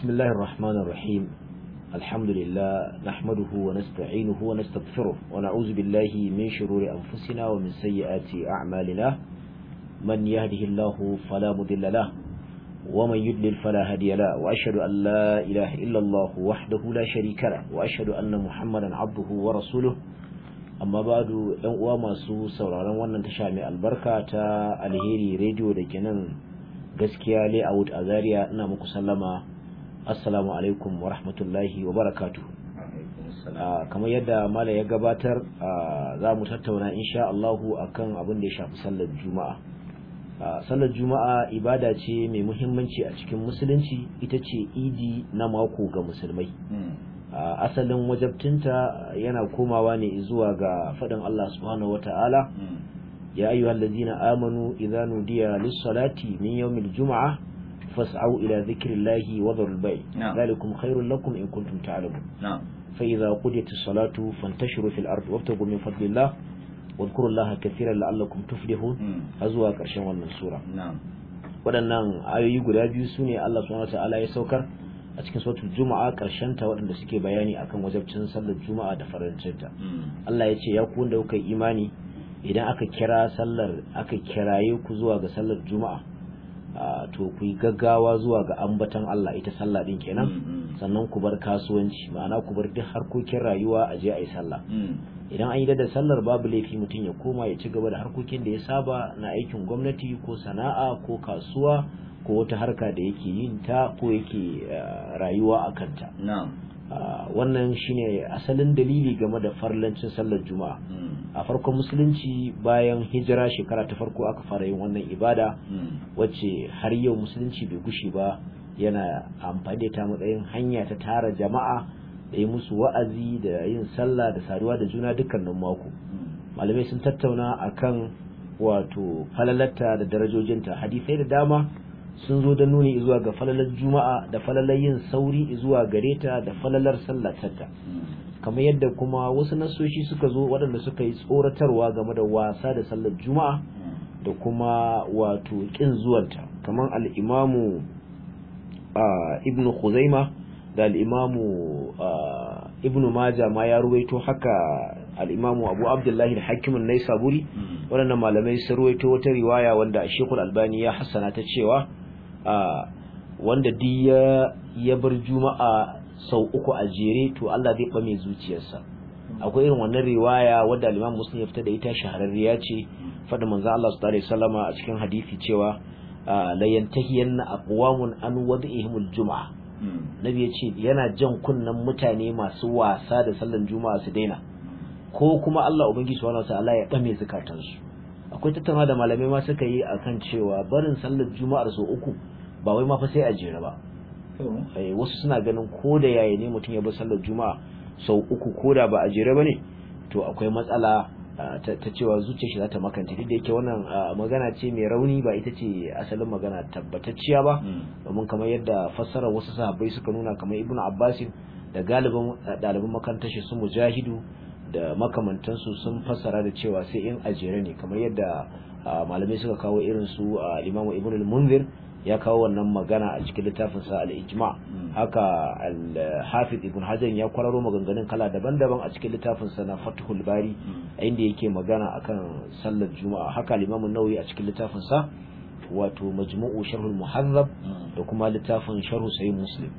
بسم الله الرحمن الرحيم الحمد لله نحمده ونستعينه ونستغفره ونعوذ بالله من شرور أنفسنا ومن سيئات أعمالنا من يهده الله فلا مضل له ومن يضلل فلا هادي له وأشهد أن لا إله إلا الله وحده لا شريك له وأشهد أن محمدا عبده ورسوله amma badu yan uwa masu sauraron wannan tasha mai albarka ta alheri rediyo da ke nan gaskiya layout a zaria ina muku sallama assalamu alaikum wa rahmatullahi wa barakatuhu ah, kamar yadda mala ya gabatar ah, za mu tattauna insha Allahu akan abin da ya shafi sallar juma'a ah, sallar juma'a ibada ce mai muhimmanci a cikin musulunci ita ce idi na mako ga musulmai hmm. asalin wajabtinta yana komawa ne zuwa ga faɗin Allah subhanahu wata'ala hmm. ya ayyuhallazina amanu idza nudiya lis-salati min yawmil juma'a فاسعوا إلى ذكر الله وذروا البيع ذلكم خير لكم إن كنتم تعلمون فإذا قضيت الصلاة فانتشروا في الأرض وابتغوا من فضل الله واذكروا الله كثيرا لعلكم تفلحون أزوا كرشن wannan sura waɗannan ayoyi guda biyu su ne Allah subhanahu Ta'ala ya saukar a cikin suratul juma'a karshen ta waɗanda suke bayani akan wajabcin sallar juma'a da farancinta Allah ya ce ya ku wanda kuka imani idan aka kira sallar aka kiraye ku zuwa ga sallar juma'a to ku yi gaggawa zuwa ga ambatan Allah ita sallah din kenan mm, mm. sannan ku bar kasuwanci ma'ana ku bar duk harkokin rayuwa a je a yi sallah mm. idan an yi da sallar babu laifi mutum ya koma ya ci gaba da harkokin da ya saba na aikin gwamnati ko sana'a ko kasuwa ko wata harka da yake yin ta ko yake eh, rayuwa a kanta Ah, wannan shine asalin dalili game da farlancin sallar juma'a hmm. a farkon musulunci bayan hijira shekara ta farko aka fara yin wannan ibada hmm. wacce har yau musulunci bai gushi ba yana amfani da ta matsayin hanya ta tara jama'a da yi musu wa'azi da yin sallah da saduwa da juna dukkanin mako hmm. malamai sun tattauna akan wato falalata da darajojinta hadisai da dama sun zo da nuni zuwa ga falalar juma'a da falalar yin sauri zuwa gare ta da falalar sallatarta kamar yadda kuma wasu nasoshi suka zo waɗanda suka yi tsoratarwa game da wasa da sallar juma'a da kuma wato ƙin zuwanta kamar al'imamu ibn khuzaima da al'imamu ibn maja ma ya ruwaito haka al'imamu abu abdullahi da hakimin nai saburi hmm. waɗannan malamai sun ruwaito wata riwaya wanda shekul albani ya hassana ta cewa wanda duk ya bar juma'a sau uku a jere to Allah zai ɓame zuciyarsa akwai irin wannan riwaya wadda Imam Muslim ya fita da ita shahararriya ce fadin manzo Allah sallallahu alaihi wasallama a cikin hadisi cewa la yantahiyanna aqwamun an wad'ihim al juma'a. Hmm. nabi ya ce yana jan kunnen mutane masu wasa da sallan juma'a su daina ko kuma Allah ubangiji subhanahu ta'ala ya ɓame zukatansu akwai tattauna da malamai ma suka yi akan cewa barin sallar juma'ar sau uku ba wai ma fa sai a jere ba eh, wasu suna ganin ko da yaya ne mutum ya bi sallar juma'a sau uku ko da ba a jere ba ne to akwai matsala ta cewa zuciya shi za ta makanta duk da yake wannan magana ce mai rauni ba ita ce asalin magana tabbatacciya ba hmm. domin kamar yadda fassara wasu sahabbai suka nuna kamar ibnu abbasin da galibin ɗaliban makarantar shi su mujahidu da makamantansu sun fassara da cewa sai in ajere ne kamar yadda malamai suka kawo irin su imamu ibn al-munzir ya kawo wannan magana a cikin littafin sa al-ijma haka al-hafiz ibn hajar ya kwararo maganganun kala daban-daban a cikin littafin sa na fathul bari inda yake magana akan sallar juma'a haka al-imam an-nawawi a cikin littafin sa wato majmu'u sharhul muharrab da kuma littafin sharhu sahih muslim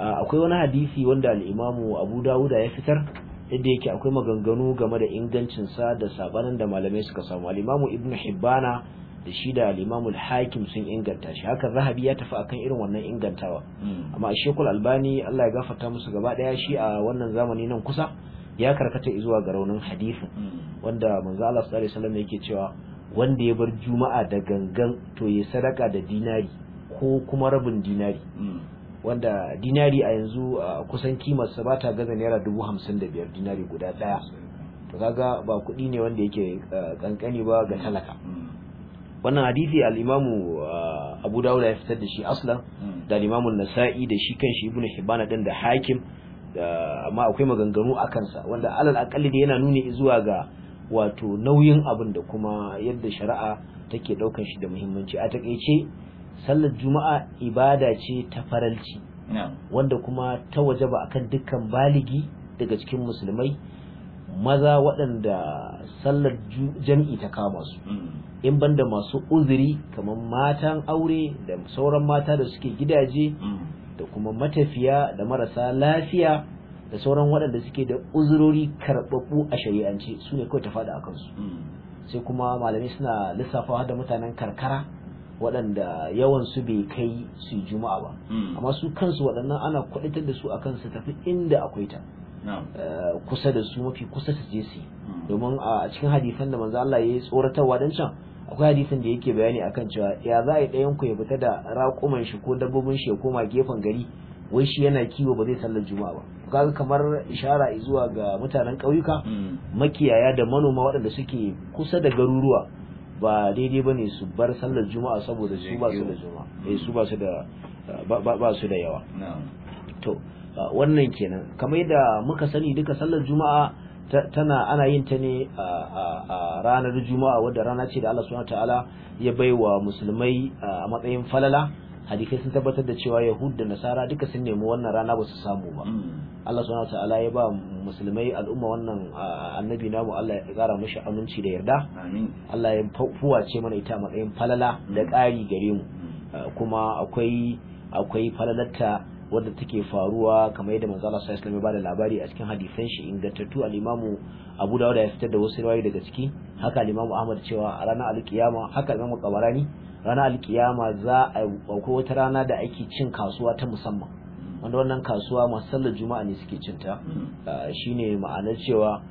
akwai wani hadisi wanda al imam abu dawud ya fitar inda yake akwai maganganu game da ingancin sa da sabanin da malamai suka samu al imam ibnu hibbana da shi da limamul hakim sun inganta shi haka zahabi ya tafi akan irin wannan ingantawa hmm. amma shekul albani Allah ya gafarta musu gaba daya shi a wannan zamani nan kusa ya karkata izuwa ga raunin hadisi hmm. wanda manzo Allah sallallahu alaihi wasallam yake cewa wanda ya bar juma'a da gangan to ya sadaka da dinari ko kuma rabin dinari hmm. wanda dinari a yanzu kusan kimar sa bata gaza naira dubu hamsin da biyar dinari guda daya to kaga ba kuɗi ne wanda yake kankani ba ga talaka wannan hadisi al-imamu uh, abu dawud ya fitar da shi aslan hmm. da al-imamu nasa'i da shi kanshi na himana din da hakim amma akwai maganganu a kansa wanda alal akalli da yana nuni zuwa ga wato nauyin abin da kuma yadda shari'a take daukar shi da muhimmanci a takeice sallar juma'a ibada ce ta faralci wanda kuma ta wajaba akan dukkan baligi daga cikin musulmai maza waɗanda sallar jam'i ta kama su hmm. in banda masu uzuri kamar matan aure da sauran mata da suke gidaje da kuma matafiya da marasa lafiya da sauran waɗanda suke da uzurori karɓaɓɓu a shari'ance su ne kawai ta faɗa a kansu sai kuma malamai suna lissafawa da mutanen karkara waɗanda yawan su bai kai su juma'a ba amma su kansu waɗannan ana kwaɗitar da su akan su tafi inda akwai ta eh, kusa da su mafi kusa su je su hmm. domin a cikin hadisan da manzo Allah ya yi tsoratarwa dan can akwai hadisin da yake bayani akan cewa ya za a yi ɗayan ku ya fita da raƙuman shi ko dabbobin shi ya koma gefen gari wai shi yana kiwo ba zai sallar juma'a ba kaga kamar ishara zuwa ga mutanen ƙauyuka hmm. makiyaya da manoma waɗanda suke kusa da garuruwa ba daidai ba ne su bar sallar juma'a saboda su ba su da juma'a eh, su ba su da ba su da yawa to wannan kenan kamar yadda muka sani duka sallar juma'a tana ana yin ta ne a ranar juma'a wadda rana ce da Allah subhanahu ta'ala ya baiwa musulmai a matsayin falala hadisai sun tabbatar da cewa yahud da nasara duka sun nemi wannan rana ba su samu ba mm. Allah subhanahu ta'ala ya ba musulmai al'umma wannan annabi namu Allah ya kara mishi aminci da yarda Allah ya ce mana ita matsayin falala da mm. ƙari gare mu mm. kuma akwai akwai falalarta wadda take faruwa kamar yadda manzo Allah sallallahu alaihi wasallam ya bada labari a cikin hadisan shi ingantattu al-Imam Abu Dawud ya fitar da wasu riwayoyi daga ciki haka al-Imam Ahmad cewa a ranar al-Qiyama haka Imam Qabarani ranar al-Qiyama za a akwai wata rana da ake cin kasuwa ta musamman wanda wannan kasuwa masu sallar juma'a ne suke cin ta shine ma'anar cewa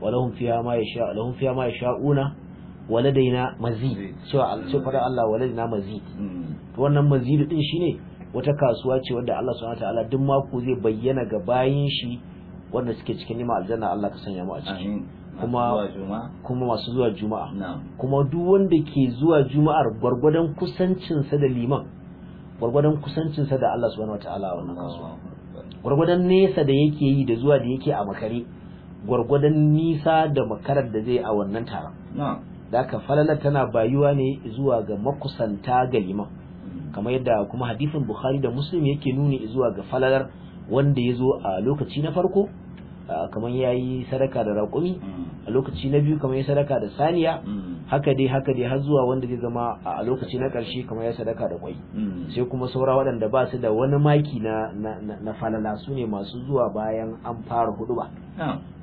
walahum fiha ma yasha lahum fiha ma yasha'una waladaina mazid cewa al quran Allah waladaina mazid mm. wannan mazid din shine wata kasuwa ce wanda Allah subhanahu ta'ala duk mako zai bayyana ga bayin shi wanda suke cikin nima aljanna Allah ka sanya mu a ciki kuma kuma masu zuwa juma'a kuma duk wanda ke zuwa juma'ar gwargwadon kusancinsa da liman gwargwadon kusancinsa da Allah subhanahu ta'ala wannan kasuwa gwargwadon nesa da yake yi da zuwa da yake a makare gwargwadon nisa da makarar da zai a wannan taron da aka falala tana bayuwa ne zuwa ga makusanta ga liman kamar yadda kuma hadisin bukhari da muslim yake nuni zuwa ga falalar wanda ya zo a lokaci na farko kamar ya yi sadaka da raƙumi a lokaci na biyu kamar ya sadaka da saniya haka dai haka dai har zuwa wanda zai zama a lokaci na ƙarshe kamar ya sadaka da kwai sai kuma saura waɗanda ba su da wani maki na na falala su ne masu zuwa bayan an fara hudu ba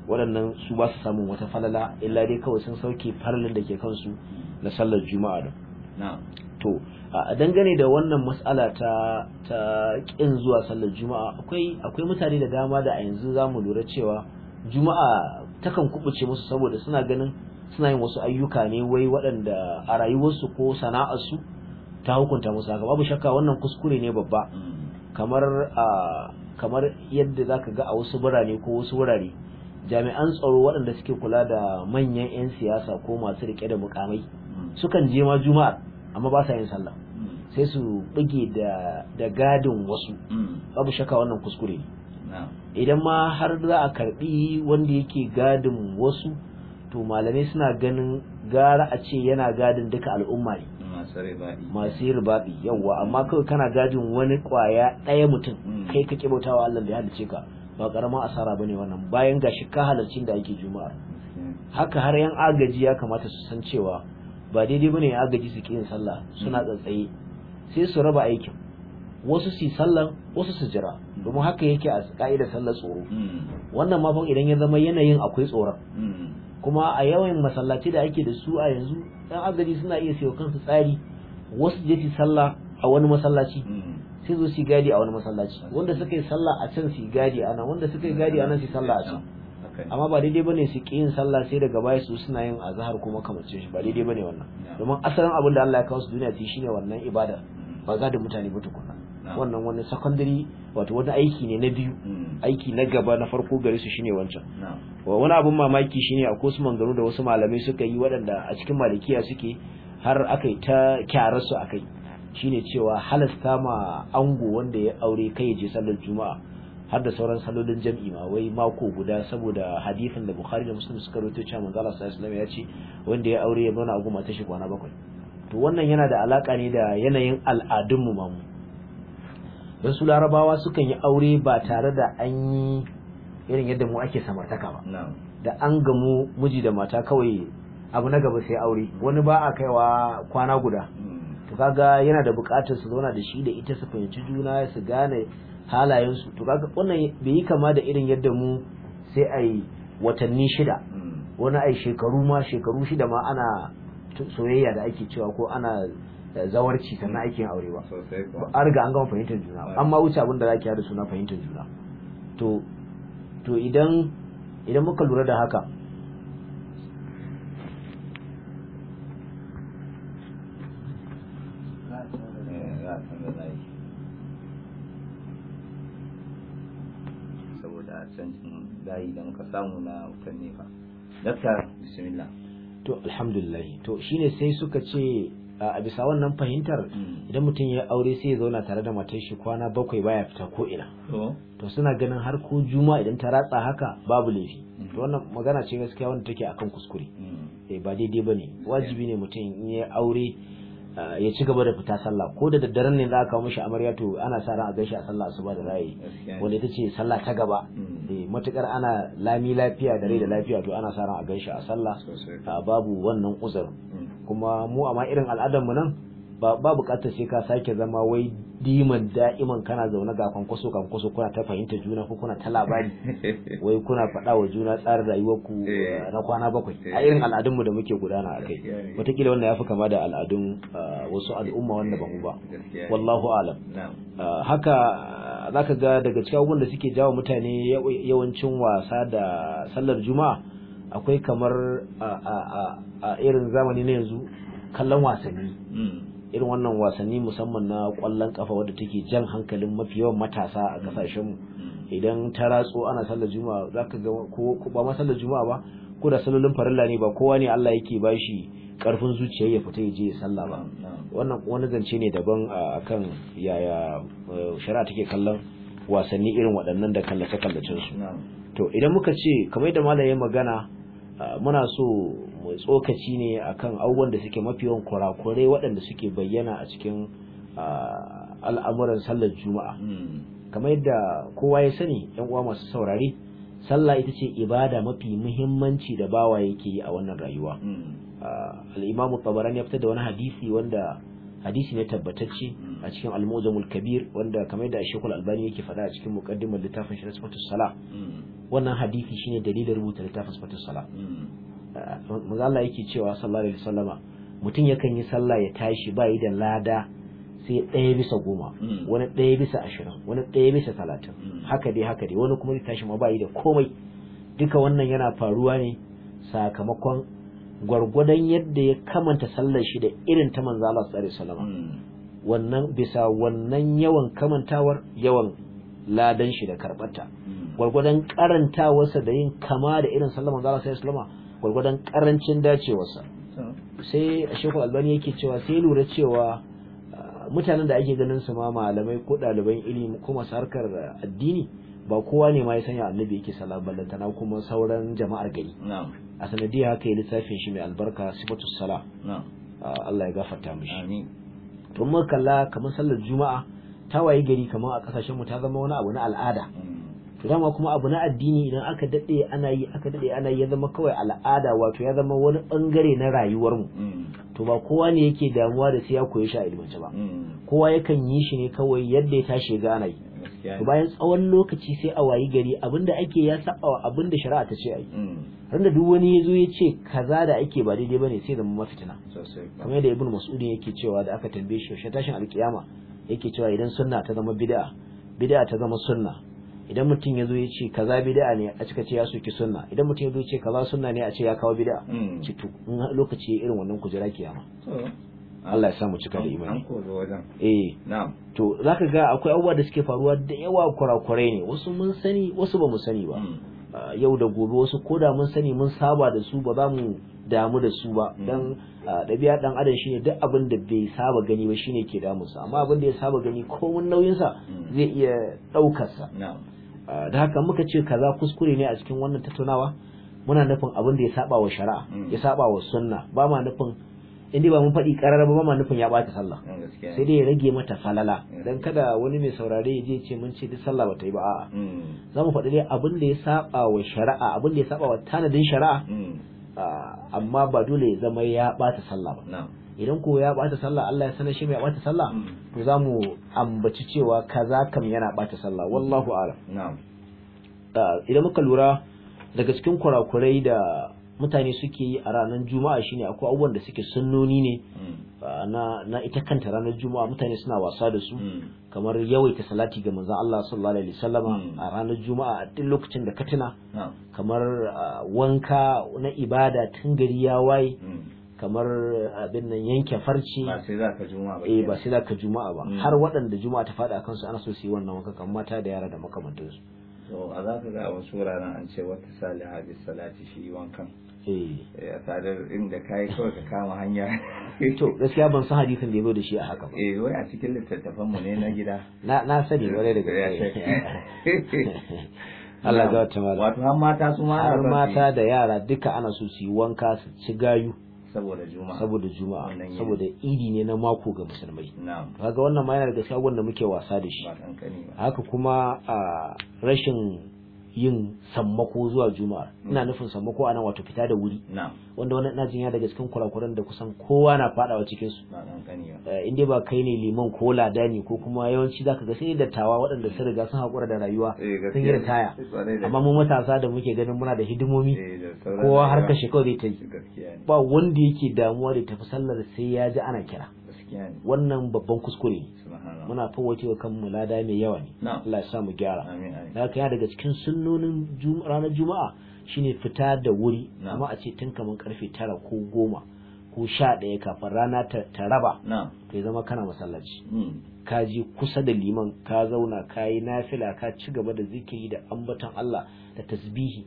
waɗannan su ba su samun wata falala illa dai kawai sun sauke falalin da ke kansu na sallar juma'a da to a dangane da wannan matsala ta ta kin zuwa sallar juma'a akwai akwai mutane da dama da a yanzu zamu lura cewa juma'a takan kubuce musu saboda suna ganin suna yin wasu ayyuka ne wai waɗanda a rayuwarsu ko sana'arsu ta hukunta musu haka babu shakka wannan kuskure ne babba kamar a kamar yadda zaka ga a wasu birane ko wasu wurare jami'an tsaro waɗanda suke kula da manyan 'yan siyasa ko masu rike da mukamai sukan je ma juma'a amma ba sa yin sallah sai su buge da gadin wasu mm. babu shaka wannan kuskure ne idan ma har za a karbi wanda yake gadin wasu to malamai suna ganin gara a ce yana gadin duka al'umma ne masu ribaɗi yawwa amma kawai kana gadin wani kwaya ɗaya mutum mm. kai ka kibautawa Allah bai halice ka ba karamin asara ne wannan bayan gashi ka halarci da ake juma'a haka har yan agaji ya kamata su san cewa ba daidai bane ya agaji su yin sallah suna mm. tsantsaye sai su raba aikin wasu su sallan wasu su jira mm. domin haka yake a ka'idar sallar tsoro mm. wannan ma idan ya zama yanayin akwai tsoron kuma a yawan masallaci da ake da su a yanzu dan agaji suna iya sayo kansu tsari wasu je su sallah a wani masallaci sai zo su gadi a wani masallaci wanda suka yi sallah a can su gadi a nan wanda suka yi gadi a nan su sallah a can amma ba daidai bane su ki yin sallah sai daga baya su suna yin azhar kuma kamar shi ba daidai bane wannan domin asalin abin da Allah ya kawo su duniya shi shine wannan ibada ba za da mutane ba tukuna wannan wani secondary wato wani aiki ne na biyu mm. aiki na gaba na farko gare su shine wancan wani abin mamaki shine a kosu manganu da wasu malamai suka yi waɗanda a cikin malikiya suke har aka ta kyararsu a kai shine cewa halasta ma ango wanda ya aure kai ya je sallar juma'a har da sauran salolin jam'i ma wai mako guda saboda hadisin da Bukhari da Muslim suka rawaito cewa manzo Allah sallallahu alaihi wasallam ya ce wanda ya aure ya zauna a goma ta shi kwana bakwai to wannan yana da alaka ne da yanayin al'adun mu mamu don su larabawa sukan yi aure ba tare da an yi irin yadda mu ake samartaka ba da an gamu miji da mata kawai abu na gaba sai aure wani ba a kaiwa kwana guda mm. to kaga yana da bukatar su zauna da shi da ita su fahimci juna su gane halayensu to kaga wannan bai yi kama da irin yadda mu sai a yi watanni shida mm. wani ai shekaru ma shekaru shida ma ana soyayya da ake cewa ko ana eh, zawarci sannan ake yin aure ba an riga an gama fahimtar juna amma wuce abin da zaki da suna fahimtar juna to to idan idan muka lura da haka yi da muka samu na wutan nefa dakta bismillah to alhamdulillah to shine sai suka ce a bisa wannan fahimtar mm. idan mutum ya aure sai ya zauna tare da matar shi kwana bakwai baya fita ko ina to suna ganin har ko juma idan ta ratsa haka babu laifi mm. to wannan magana ce gaskiya wanda take akan kuskure mm. eh ba daidai bane wajibi ne mutum in ya aure Eh, ya ci gaba da fita sallah ko da daddaren ne za a kawo mishi amarya to ana sa ran a gaishe a sallah asuba da rayi wanda ita ce sallah ta gaba mm. eh, matukar ana lami lafiya da rai da lafiya to ana sa ran a gaishe a sallah eh, babu wannan uzur mm. kuma mu amma irin al'adar mu nan ba ba bukatar sai ka sake zama wai diman da'iman kana zaune ga kwankwaso kwankwaso kuna ta fahimta juna ko kuna ta labari wai kuna faɗa wa juna tsarin rayuwar ku eh. na kwana bakwai eh. a irin al'adunmu da muke gudana a kai wataƙila wannan ya fi kama da al'adun ah, wasu al'umma wanda ba mu ba eh. wallahu alam ah, haka ah, zaka ga daga cikin abubuwan da suke jawo mutane yawancin wasa da sallar juma'a akwai kamar a irin zamani na yanzu kallon wasanni hmm. irin wannan wasanni musamman na kwallon kafa wadda take jan hankalin mafi yawan matasa a kasashen mu idan ta ratso ana sallar juma'a zaka ga ko ba ma sallar juma'a ba ko da sallolin farilla ne ba kowa ne Allah yake bashi karfin zuciya ya fita ya je ya sallah ba wannan wani zance ne daban akan yaya eh, shari'a take kallon wasanni irin waɗannan da kallace kallacen su to idan muka ce kamar da malam magana ah, muna so mai tsokaci ne akan abubuwan da suke mafi yawan kurakurai waɗanda suke bayyana a cikin al'amuran sallar juma'a hmm. kamar yadda kowa ya sani yan uwa masu saurari sallah ita ce ibada mafi muhimmanci da bawa yake yi a wannan rayuwa hmm. al'imamu imamu tabarani ya fitar da wani hadisi wanda hadisi ne tabbatacce hmm. a cikin al kabir wanda kamar yadda shekul albani yake faɗa a cikin muƙaddimar littafin shi na sala wannan hadisi shine dalilin rubuta littafin sifatu sala manzo Allah yake cewa sallallahu alaihi wasallama mutum yakan yi sallah ya tashi ba yi da lada sai ɗaya bisa goma hmm. wani ɗaya bisa ashirin wani ɗaya bisa talatin hmm. haka dai haka dai wani kuma zai tashi ma ba yi da komai duka wannan yana faruwa ne sakamakon gwargwadon yadda ya kamanta sallar shi da irin ta manzo Allah sallallahu alaihi wasallama hmm. wannan bisa wannan yawan kamantawar yawan ladan shi da karɓarta gwargwadon karantawarsa da yin kama da irin sallar manzo Allah sallallahu alaihi wasallama gwargwadon karancin dacewarsa sai a shehu albani yake cewa sai lura cewa ah, mutanen da ake ganin su ma malamai ko ɗaliban ilimi ko masu harkar addini ba kowa ne ma ya sanya annabi yake sallah ballantana kuma sauran jama'ar gari a sanadiyar haka ya littafin shi mai albarka sifatu sala ah, Allah ya gafarta mishi to muka kalla kamar sallar juma'a ta waye gari kamar a kasashen mu ta zama wani abu na al'ada mm. to kuma abu na addini idan aka dade ana yi aka dade ana yi ya zama kawai al'ada wato ya zama wani bangare na rayuwar mu mm. to ba kowa ne yake damuwa da sai ya koyi shi a ilimance ba mm. kowa yakan yi shi ne kawai yadda ya tashi ga ana yi to bayan tsawon lokaci sai a wayi gari abinda ake ya saba wa abinda shari'a ta ce ai mm. randa duk wani ya zo ya ce kaza da ake ba daidai bane sai zama mafitina kamar yadda ibnu masudi yake cewa da aka tambaye shi yaushe tashin alkiyama yake cewa idan sunna ta zama bid'a bid'a ta zama sunna idan mutum ya zo ya ce kaza bid'a ne a cika ce ya soki sunna idan mutum ya zo ya ce kaza sunna ne a ce ya kawo bid'a hmm. ci to in lokaci irin wannan kujera kiyama Allah ya samu cika da imani eh na'am to zaka ga akwai abubuwa da suke faruwa da yawa kurakurai ne wasu mun sani wasu ba mu sani ba hmm. yau da gobe wasu koda mun sani mun saba da su ba za mu damu da su ba hmm. dan ɗabi'a dan adam shine duk abin da bai saba gani ba shine ke damu sa amma abin da ya saba gani ko mun nauyin sa zai iya daukar sa Ah, da haka muka ce kaza kuskure ne a cikin wannan tattaunawa muna nufin abin da ya saba wa shari'a mm. ya saba wa sunna ba ma nufin inda ba mun faɗi ƙarar ba ma nufin ya ɓata sallah mm, sai dai ya rage mata falala mm. dan kada wani mai saurare ya je ce mun ce duk sallah ba ta yi ba a'a za mu faɗi dai abin da ya saba wa shari'a abin da ya saba wa tanadin shari'a ah, amma ba dole ya zama ya ɓata sallah ba idan ko ya bata sallah Allah ya sanar shi mai bata sallah hmm. to za mu ambaci cewa kaza kam yana bata sallah wallahu a'lam ah, idan muka lura daga cikin kurakurai da mutane suke yi a ranar juma'a shine akwai abubuwan da suke sunnoni ne hmm. na na ita kanta ranar juma'a mutane suna wasa da su hmm. kamar yawaita salati ga manzon Allah sallallahu alaihi wasallam a ranar juma'a a duk lokacin da ka tuna kamar ah, wanka na ibada tun gari ya waye kamar abin nan yanke farce ba sai za ka juma'a ba eh ba sai za ka juma'a ba mm. har waɗanda juma'a ta faɗa kansu ana so su yi wannan wanka kan mata da yara da makamantansu to a za ka ga wasu wuraren an ce wata saliha bi salati shi wankan eh, eh a sadar inda yi kawai ka kama hanya to gaskiya ban san hadisin da ya zo da shi a haka ba eh wai a cikin littattafan mu ne na gida na na sani eh, wani da gaskiya Allah ga wata mala wato har mata su ma har mata da yara duka ana so su yi wanka su ci gayu saboda juma'a saboda juma'a saboda idi ne na mako ga musulmai kaga wannan ma yana daga sabon da muke wasa da shi haka kuma ah, rashin yin sammako zuwa juma'a ina mm. nufin sammako nan wato fita da wuri wanda wani ina ya daga cikin kurakuran da kusan kowa na fadawa cikin su eh, in dai ba kai ne liman ko lada ne ko kuma yawanci zaka ga sai dattawa waɗanda sun riga sun haƙura da rayuwa eh, sun yi taya eh, amma mu matasa da muke ganin muna da hidimomi kowa har ka shekau zai ta yi ba wanda yake damuwa da tafi sallar sai ya ji ana kira wannan babban kuskure ne muna fawwace wa kanmu lada mai yawa ne Allah ya sa mu gyara da ka daga cikin sunnonin ranar juma'a shine fita da wuri amma a ce tun kamar karfe tara ko goma ko sha ɗaya kafin rana ta raba to ya zama kana masallaci hmm. ka ji kusa da liman ka zauna ka yi nafila ka ci gaba da zikiri da ambaton Allah da tasbihi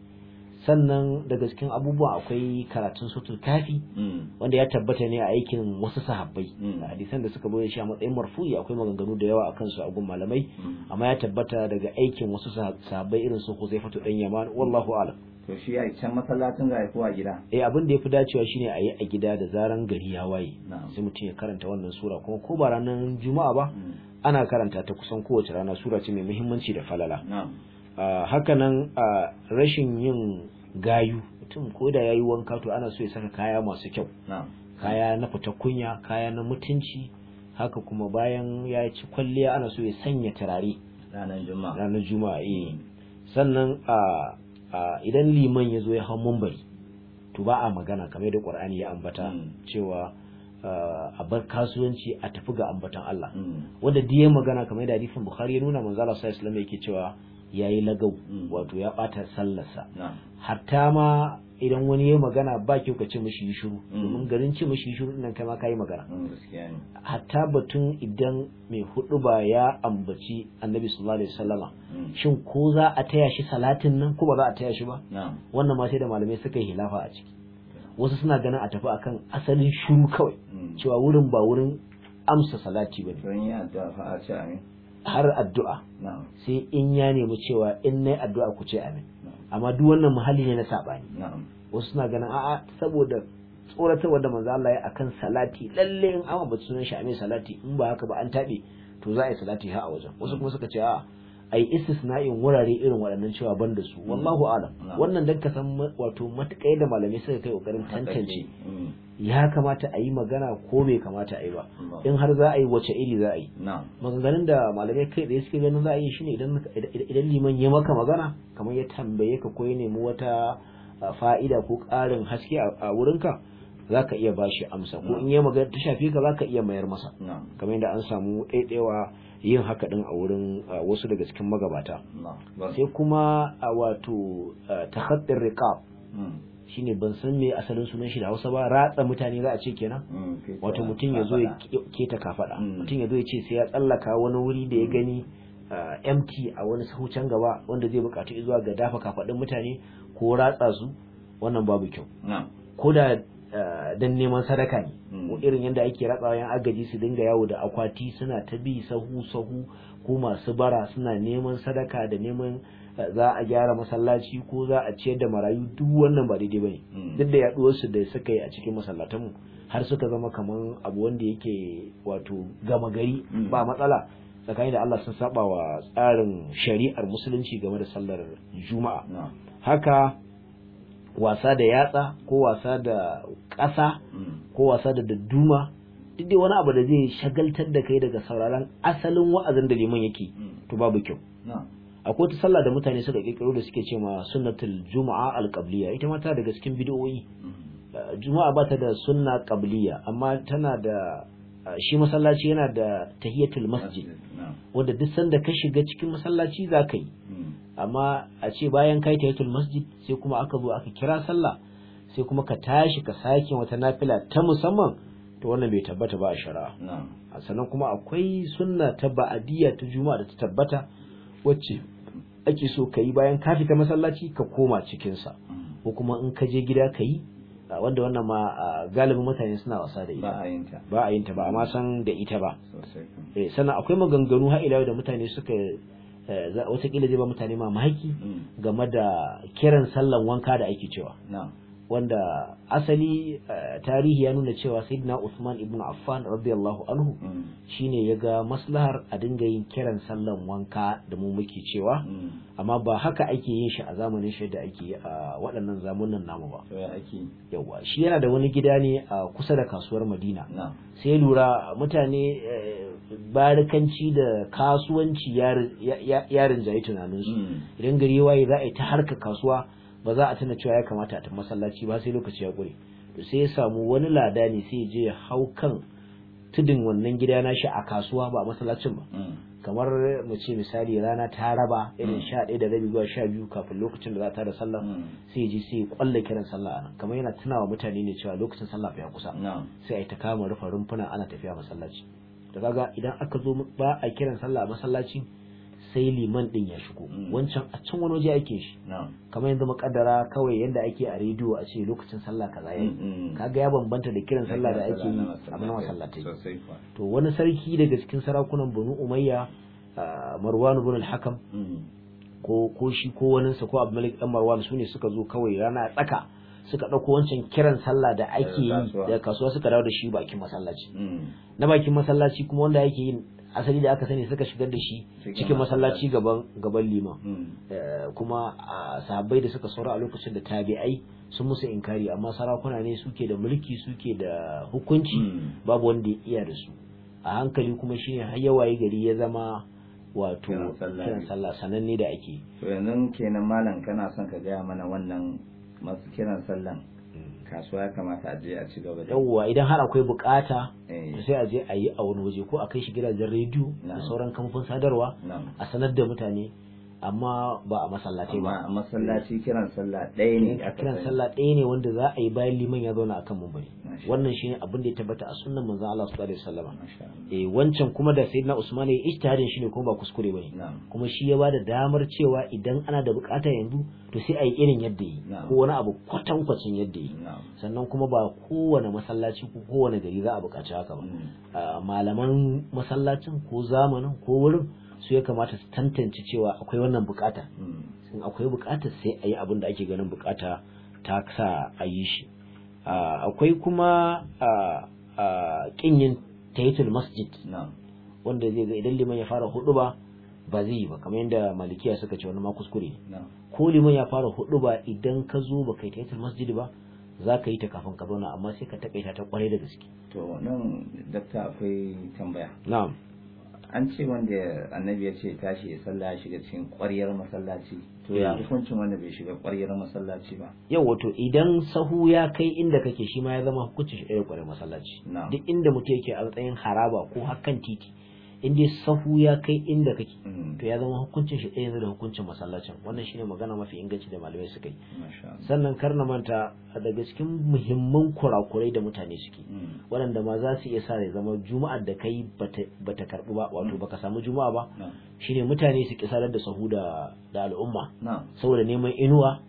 sannan daga cikin abubuwa akwai karatun sutul kafi hmm. wanda ya tabbata ne a aikin wasu sahabbai hmm. hadisan da suka bayyana shi a matsayin marfu'i akwai maganganu da yawa akan su a gun malamai hmm. amma ya tabbata daga aikin wasu sahabbai irin su Huzaifatu dan Yaman wallahu a'lam to shi ya can masallacin ga ko gida eh abin da yafi dacewa shine a yi a gida da zaran gari ya waye sai mutum ya karanta wannan sura kuma ko ba ranar juma'a ba ana karanta ta kusan kowace rana sura ce mai muhimmanci da falala ah, hakanan ah, rashin yin gayu mutum ko da yi wanka to ana so ya saka kaya masu kyau kaya na fita kunya kaya na mutunci haka kuma bayan ya ci kwalliya ana so ya sanya turare ranar juma'a eh sannan a idan liman ya zo ya hau mumbari to ba a magana kamar da qur'ani ya ambata hmm. cewa a bar kasuwanci a tafi ga ambatan Allah hmm. wanda diye magana kamar da hadisin bukhari ya nuna manzo Allah sallallahu alaihi wasallam yake cewa ya yi lagau mm. wato ya ɓata sallarsa hatta ma idan wani ya magana ba kyau ka ce mishi yi shiru mm. domin garin ce mishi yi shiru idan kai ma ka yi magana mm, hatta batun idan mai hudu ba ya ambaci annabi sallallahu alaihi wasallama shin ko za a taya shi salatin nan ko ba za a taya shi ba wannan ma sai da malamai suka yi hilafa a ciki wasu suna ganin a tafi akan asalin shiru kawai cewa wurin ba wurin amsa salati ba ne har addu'a sai in ya nemi cewa in nayi addu'a ku ce amin amma duk wannan muhalli ne na saɓani wasu suna ganin a'a saboda tsoratarwa da manzo Allah ya akan salati lalle in amma ba sunan shi amin salati in ba haka ba an tabe to za a yi salati ha a wajen wasu kuma suka ce a'a a yi istisna'in wurare irin waɗannan cewa ban da su wallahu mm. alam wannan dan ka san wato matakai da malamai suka kai kokarin tantance mm. ya kamata a yi magana ko bai kamata a yi ba in har za a yi wace iri za a yi maganganun da malamai kai da suke ganin za a yi shine idan idan liman ya maka magana kamar ya tambaye ka ko ya nemi wata fa'ida ko ƙarin haske a wurinka za ka iya bashi amsa ko in ya magana ta shafi ka za ka iya mayar masa kamar yadda an samu ɗaiɗaiwa yin haka din a wurin wasu daga cikin magabata sai kuma a wato rikab Shi ne ban san me asalin sunan shi da Hausa ba ratsa mutane za a ce kenan hmm, wato mutum ya zo ya keta kafaɗa. Hmm. mutum ya zo ya ce sai ya tsallaka wani wuri da ya hmm. gani mt a wani sahucan gaba wanda zai bukatu zuwa ga dafa kafadin mutane ko ratsa su wannan babu kyau ko da dan neman sadaka ne ko irin yadda ake ratsawa yan agaji su dinga yawo da akwati suna ta bi sahu sahu ko masu bara suna neman sadaka da neman eh, za a gyara masallaci ko za a ciyar da marayu duk wannan ba daidai bane hmm. duk da yaduwar su da suka yi a cikin masallatan mu har suka zama kaman abu wanda yake wato gama gari hmm. ba matsala tsakani da Allah sun saba wa tsarin shari'ar musulunci game da sallar juma'a haka wasa da yatsa ko wasa da ƙasa mm. ko wasa da dadduma duk dai wani abu da zai shagaltar da kai daga sauraron asalin wa'azin da liman yake mm. to babu kyau akwai wata sallah da mutane suka kirkiro da suke cewa sunnatul juma'a alqabliya ita ma ta daga cikin bid'o'i mm. uh, juma'a ba ta da sunna qabliya amma tana da uh, shi masallaci yana da tahiyatul masjid wanda duk sanda ka shiga cikin masallaci za ka yi amma a ce bayan kai ta masjid sai kuma aka zo aka kira sallah sai kuma ka tashi ka sake wata nafila ta musamman to wannan bai tabbata ba a shari'a a sannan kuma akwai sunna ta ba'adiyya ta juma'a da ta tabbata wacce ake so ka yi bayan ka fita masallaci ka koma cikinsa mm. ko kuma in ka je gida ka yi wanda wannan ma galibin mutane suna wasa da ita ba a yinta ba amma san da ita ba eh, sannan akwai maganganu har ila da mutane suka kila eh, zai ba mutane mahaiki mm. game da kiran sallan wanka da ake cewa wanda asali eh, tarihi ya nuna cewa sayyidina Usman ibn Affan radiyallahu anhu mm. shine ya ga maslahar a dinga yin kiran sallan wanka da mu muke cewa mm. amma ba haka ake yin shi a zamanin shi da ake a eh, waɗannan zamanin namu ba yawa shi yana da wani gida ne a kusa da kasuwar Madina sai lura mutane eh, barikanci da kasuwanci ya tunanin su mm. idan gari waye za a yi ta harka kasuwa ba za a tuna cewa ya kamata a tafi masallaci ba sai lokaci ya kure to sai ya samu wani lada ne sai ya je ya hau kan tudun wannan gida na shi a kasuwa ba a masallacin ba mm. kamar mu ce misali rana ta raba irin mm. sha ɗaya da rabi zuwa sha biyu kafin lokacin da za ta da sallah mm. sai ya je sai ya kwalla kiran sallah a kamar yana tunawa mutane ne cewa lokacin sallah ya kusa sai a ta kama rufa rumfuna ana tafiya masallaci da kaga idan aka zo ba a kiran sallah a masallaci sai liman din ya shigo mm. wancan a can wani waje ake shi kamar yanzu makadara kawai yanda ake a rediyo a ce lokacin sallah kaza yayi mm, mm. kaga ya bambanta da kiran sallah da ake yi a nan masallatai to wani sarki daga cikin sarakunan Banu Umayya uh, Marwan ibn al-Hakam ko ko shi ko wani sa ko Abdulmalik dan Marwan sune suka zo kawai rana tsaka suka ɗauko wancan kiran sallah da ake yi da kasuwa suka dawo da shi bakin masallaci na bakin masallaci kuma wanda yake yin asali da aka sani suka shigar da shi cikin masallaci gaban gaban liman hmm. eh, kuma sahabbai da suka saura a lokacin da tabi'ai sun musu inkari amma sarakuna ne suke da mulki suke da hukunci hmm. babu wanda ya iya da su a hankali kuma shine har yawaye gari ya zama wato kiran sallah sananne da ake to yanzu kenan malam kana son ka gaya mana wannan masu kiran sallan kasuwa ya kamata a je a ci gaba da yawa idan har akwai bukata eh. to sai a je a yi a wani waje ko a kai shi gidajen rediyo da sauran kamfan sadarwa a sanar da mutane amma ba a masallaci ba a masallaci kiran sallah ɗaya ne a kiran sallah ɗaya ne wanda za a yi bayan liman ya zauna akan mumbari wannan shine abin da ya tabbata a sunnan manzon Allah sallallahu alaihi wasallam eh wancan kuma da sayyidina Usman ya ijtihadin shine kuma ba kuskure bane kuma shi ya bada damar cewa idan ana da bukata yanzu to sai a yi irin yadda yi ko wani abu kwatan kwacin yadda yi sannan kuma ba kowane masallaci ko kowane gari za a bukaci haka ba mm. ah, malaman masallacin ko zamanin ko wurin su ya kamata su tantance cewa akwai wannan bukata hmm. in akwai bukata sai a yi abin da ake ganin bukata ta sa a yi shi ah, akwai kuma ah, ah, kinyin taitul masjid wanda zai ga idan liman ya fara hudu ba ba zai yi ba kamar yadda malikiya suka ce wani ma kuskure ne ko liman ya fara hudu ba idan ka zo ba kai taitul masjid ba za ka yi ta kafin ka zauna amma sai ka takaita ta kwarai da gaske to nan dakta akwai tambaya na'am an ce wanda annabi ya ce tashi ya sallah ya shiga cikin ƙwaryar masallaci to ya hukuncin wanda bai shiga ƙwaryar masallaci ba yau wato idan sahu ya kai inda kake shi ma ya zama hukuncin shi ɗaya ƙwaryar masallaci duk inda mutum yake a matsayin haraba ko hakan titi in dai sahu ya kai inda kake mm. to ya zama hukuncin shi ɗaya da hukuncin masallacin wannan shine magana mafi inganci da malamai suka yi sannan kar na manta daga cikin muhimman kurakurai da mutane suke mm. waɗanda ma za su iya sa ya zama juma'ar da kai bata karɓi ba wato mm. baka samu juma'a ba shine mutane su ki da sahu da al'umma saboda neman inuwa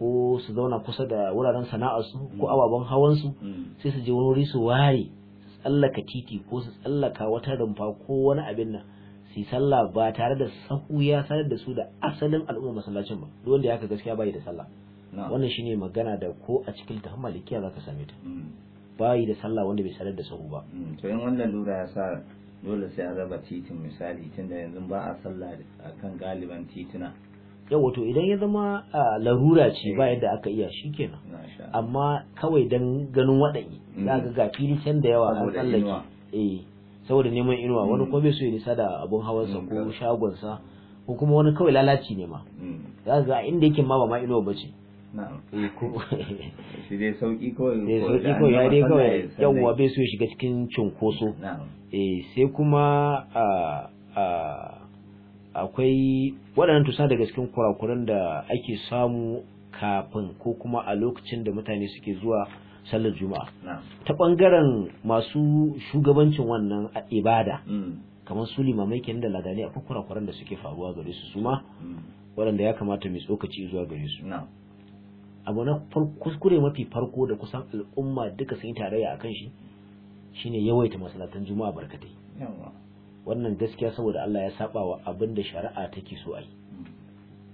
ko su zauna kusa da wuraren sana'arsu ko ababen su sai su je wuri su ware tsallaka titi ko su tsallaka wata rumfa ko wani abin nan su sallah ba tare da sahu ya sanar da su da asalin al'umma masallacin ba duk wanda ya ka gaskiya bai da sallah wannan shine magana da ko a cikin ta malikiya zaka same ta mm. bai da sallah wanda bai sanar da sahu ba mm. to in wannan lura ya sa dole sai a raba titin misali tunda yanzu ba a sallah akan galiban tituna yawo to idan ya zama larura ce ba eh. yadda aka iya shi kenan amma kawai dan ganin waɗanyi Mm. za ka ga fili can da yawa a tsallake eh saboda neman inuwa mm. wani kuma bai so ya nisa da abun hawansa mm, ko shagonsa ko kuma wani kawai lalaci ne ma za ka ga inda yake ma ba ma inuwa bace eh, shi dai sauki kawai sauki ya dai kawai yawwa bai so ya shiga cikin cunkoso eh sai kuma akwai waɗannan tusa daga cikin kurakuran da ake samu kafin ko kuma a lokacin da mutane suke zuwa sallar juma'a ta bangaren masu shugabancin wannan ibada mm. kamar su limamai kenan da ladani a kurakuran da suke faruwa gare su suma mm. waɗanda ya kamata mai tsokaci zuwa gare su abu na kuskure mafi farko da kusan al'umma duka sun yi tarayya akan shi shine yawaita masalatan juma'a barkatai wannan gaskiya saboda Allah ya saba wa abin da shari'a take so a yi mm.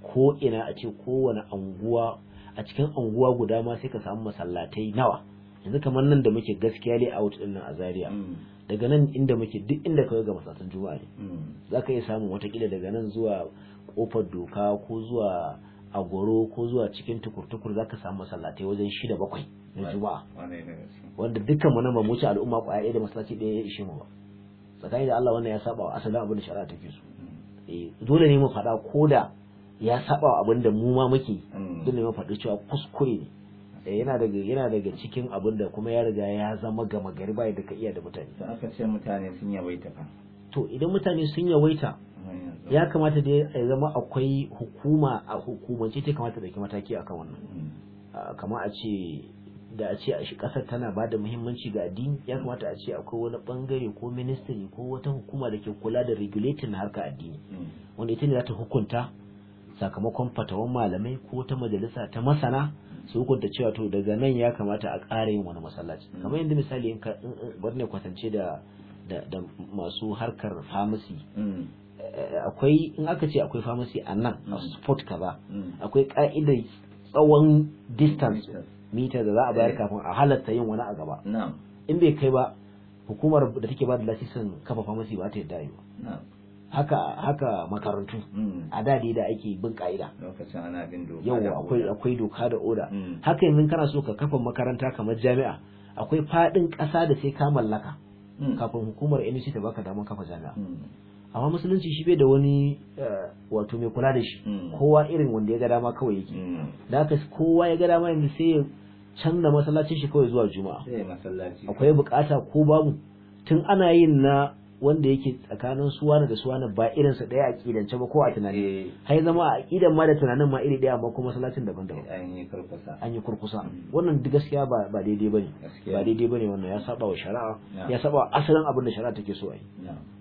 ko ina a ce kowane anguwa a cikin anguwa guda ma sai ka samu masallatai nawa yanzu kamar nan da muke gaskiya ne a din nan a Zaria mm. daga nan inda muke duk inda kawai ga masallatan juma'a ne mm. zaka iya samun watakila daga nan zuwa kofar doka ko zuwa agoro ko zuwa cikin tukur-tukur zaka samu masallatai wajen shida bakwai na juma'a wanda dukkan mu nan ba mu ci al'umma kwaya da masallaci ɗaya ya ishe mu ba tsakani da Allah wannan ya saba wa asalin abin da shari'a take so mm. eh, dole ne mu faɗa ko da ya saba abin da mu ma muke duk hmm. da faɗi cewa kuskure ne eh, yana daga yana daga cikin abin da kuma ya riga ya zama gama gari ba da ka iya da mutane da aka ce mutane sun yawaita fa to idan mutane sun yawaita ya kamata da ya zama akwai hukuma a hukumance ta kamata da ke mataki akan wannan hmm. ah, kamar a ce da a ce a shi kasar tana ba da muhimmanci ga addini ya kamata a ce akwai wani bangare ko ministry ko wata hukuma da ke kula da regulating harkar addini hmm. wanda ita ne za ta hukunta sakamakon fatawan malamai ko ta majalisa ta masana su hukunta cewa to daga nan ya kamata a ƙara yin wani masallaci kamar yadda misali in ka ne kwatance da da masu harkar famasi mm. eh, akwai in aka ce akwai famasi a nan a mm. sport kaza mm. akwai ka'idar tsawon distance mita da za a bayar eh. kafin a halatta yin wani a gaba in bai kai ba hukumar da take ba da lasisin kafa famasi ba ta yadda yi ba haka haka makarantu hmm. a da da ake bin ka'ida lokacin ana bin doka yau akwai akwai doka da oda hmm. haka yanzu kana so ka kafa makaranta kamar jami'a akwai fadin ƙasa da sai ka mallaka hmm. kafin hukumar NC ta baka damar kafa jami'a amma musulunci shi bai da wani eh, wato mai kula da shi kowa irin wanda ya ga dama kawai yake da haka kowa ya ga dama yanzu sai ya canza masallacin shi kawai zuwa juma'a akwai bukata ko babu tun ana yin na wanda yake tsakanin suwana da suwana ba irin sa daya aqidance ba ko a tunani eh. hai zama a aqidan ma da tunanin ma iri daya amma kuma salatin daban daban eh, an yi kurkusa an yi kurkusa mm. wannan duk gaskiya ba ba daidai bane ba daidai bane wannan ya saba wa shari'a ya saba asalin abin da shari'a take so a yi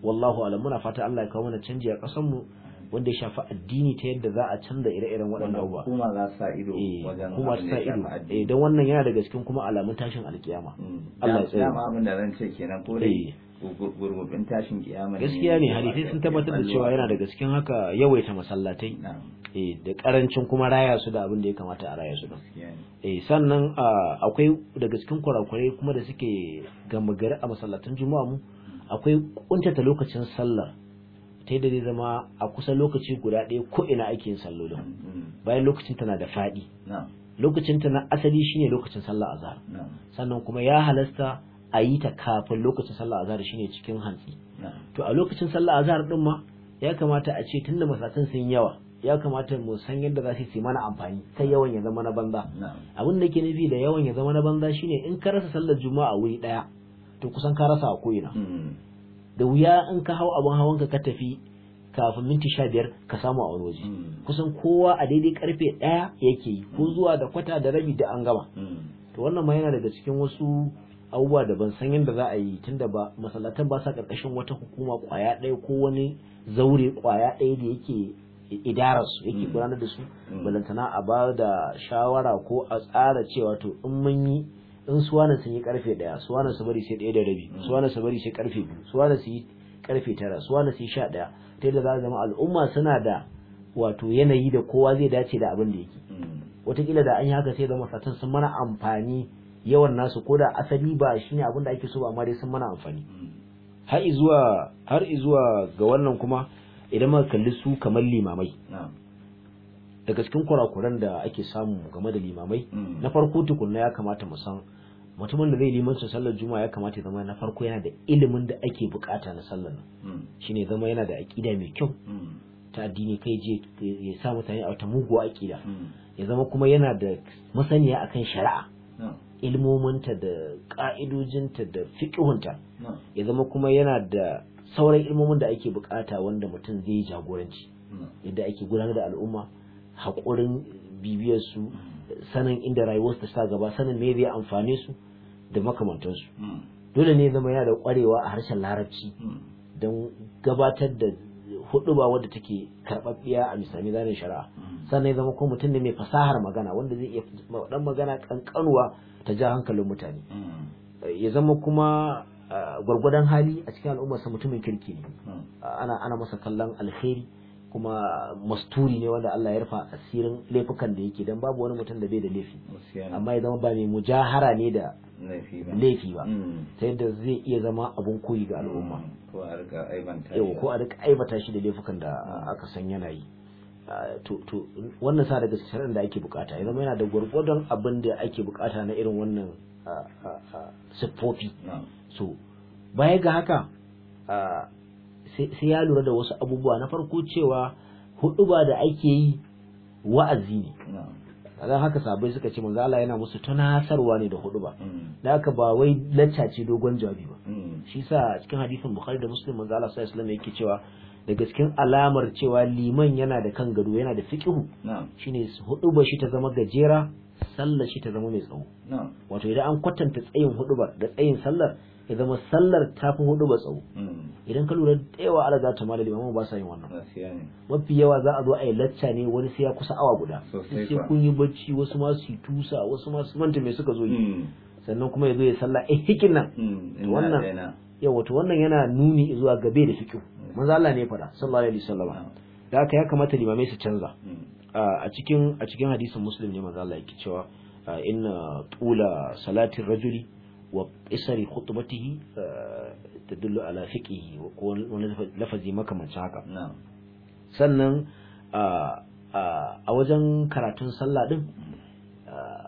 wallahu alam muna fata Allah ya kawo mana canji a kasan mu wanda ya shafi addini ta yadda za a canza ire-iren waɗannan abubuwa kuma za su sa ido eh, wajen kuma su sa ido eh dan wannan yana daga cikin kuma alamun tashin alkiyama mm. Allah ya tsaya abin da zan ce kenan ko dai gurgurbin tashin kiyama gaskiya ne hadisi sun tabbatar da cewa yana da gaskiyan haka yawaita masallatai eh da karancin kuma raya su da abin da ya kamata a raya su da eh sannan akwai daga cikin kurakurai kuma da suke gama gari a masallatan juma'a mu akwai kuntata lokacin sallar ta yadda zai zama a kusa lokaci guda ɗaya ko ina ake yin sallolin mm, mm. bayan lokacin tana da faɗi lokacin ta na asali shine lokacin sallar azhar sannan kuma ya halasta a yi ta kafin lokacin sallah azhar shine cikin hantsi to a lokacin sallah azhar din ma ya kamata a ce tunda masatan sun yawa ya kamata mu san yadda za su yi mana amfani kai yawan ya zama na banza abin da ke nufi da yawan ya zama na banza shine in ka rasa sallar juma'a wuri daya to kusan ka rasa a ko'ina mm. da wuya in ka hau abin hawan ka ka tafi kafin minti sha biyar ka samu a waje mm. kusan kowa a daidai karfe daya yake yi ko mm. zuwa da kwata da rabi da an gama to wannan ma yana daga cikin wasu abubuwa da ban san yadda za a yi tunda ba masallatan ba sa karkashin wata hukuma kwaya ɗaya ko wani zaure kwaya ɗaya da yake idara su yake mm. gudanar da su mm. balantana a ba da shawara ko a tsara cewa to in mun yi in wani sun yi karfe ɗaya wani su bari sai ɗaya da rabi wani su bari sai karfe biyu wani su yi karfe tara wani su yi sha ɗaya ta yadda za a zama al'umma suna da wato yanayi da kowa zai dace da abin da yake mm. watakila da an yi haka sai zama satan sun mana amfani yawan nasu koda da asali ba shine abin da ake so ba amma dai sun mana amfani har zuwa har zuwa ga wannan kuma idan muka kalli su kamar limamai daga cikin kurakuran da ake samu game da limamai mm. na farko tukunna ya kamata mu san mutumin da zai limanci sallar juma'a ya kamata ya zama na farko yana da ilimin da ake bukata na sallar nan mm. shine zama yana da aqida mai kyau mm. ta addini kai je ya sa mutane a wata muguwa aqida ya zama kuma yana da masaniya akan shari'a ilmominta da ƙa'idojinta da fiƙihunta ya zama kuma yana da sauran ilmomin da ake bukata wanda mutum zai yi jagoranci yadda ake gudanar da al'umma haƙurin bibiyarsu sanin inda rayuwarsu ta sa gaba sanin me zai amfane su da makamantansu dole ne zama yana da ƙwarewa a harshen larabci don gabatar da huduba wadda take karɓaɓɓiya a misali zanen shari'a sannan ya zama kuma mutum ne mai fasahar magana wanda zai iya dan magana kankanuwa ta ja hankalin mutane mm. ya zama kuma gwargwadon hali a cikin al'ummarsa mutumin kirki ne mm. ana ana masa kallon alheri kuma masturi ne wanda Allah ya rufa asirin laifukan da yake dan babu wani mutum da bai da laifi amma ya zama ba mai mujahara ne da laifi ba mm. ta yadda zai iya zama abun koyi ga al'umma ko a rika aibata shi da laifukan da aka san yana yi to wannan sa daga shari'ar da ake bukata ya yana da gwargwadon abin da ake bukata na irin wannan siffofi so baya ga haka sai ya lura da wasu abubuwa na farko cewa hudu ba da ake yi wa'azi ne don haka sabai suka ce mazala yana musu tunasarwa ne da hudu ba mm. da haka ba wai lacca ce dogon jawabi ba mm. shi sa cikin hadisin Bukhari da Muslim manzala sallallahu alaihi wasallam yake cewa daga cikin alamar cewa liman yana da kan gado yana da fiqihu shine huduba shi ta zama gajera sallar shi ta zama mai tsawo wato idan an kwatanta tsayin huduba da tsayin sallar ya zama sallar ta fi huduba tsawo hmm. idan ka lura da yawa ala za ta mala limamu ba sa yin wannan mafi yawa za a zo a yi lacca ne wani sai ya kusa awa guda sai kun yi bacci wasu ma su tusa wasu ma manta mai suka zo yi hmm. sannan kuma ya zo ya sallah eh hikin nan hmm. wannan yawa to wannan yana nuni zuwa gabe da fikihu manzo Allah ne fada sallallahu alaihi wasallam da haka ya kamata limamai su canza a cikin a cikin hadisin muslim ne manzo Allah yake cewa inna tula salatin rajuli wa isari khutbatihi tadullu ala fiqihi ko wani lafazi makamancin haka sannan a wajen karatun sallah din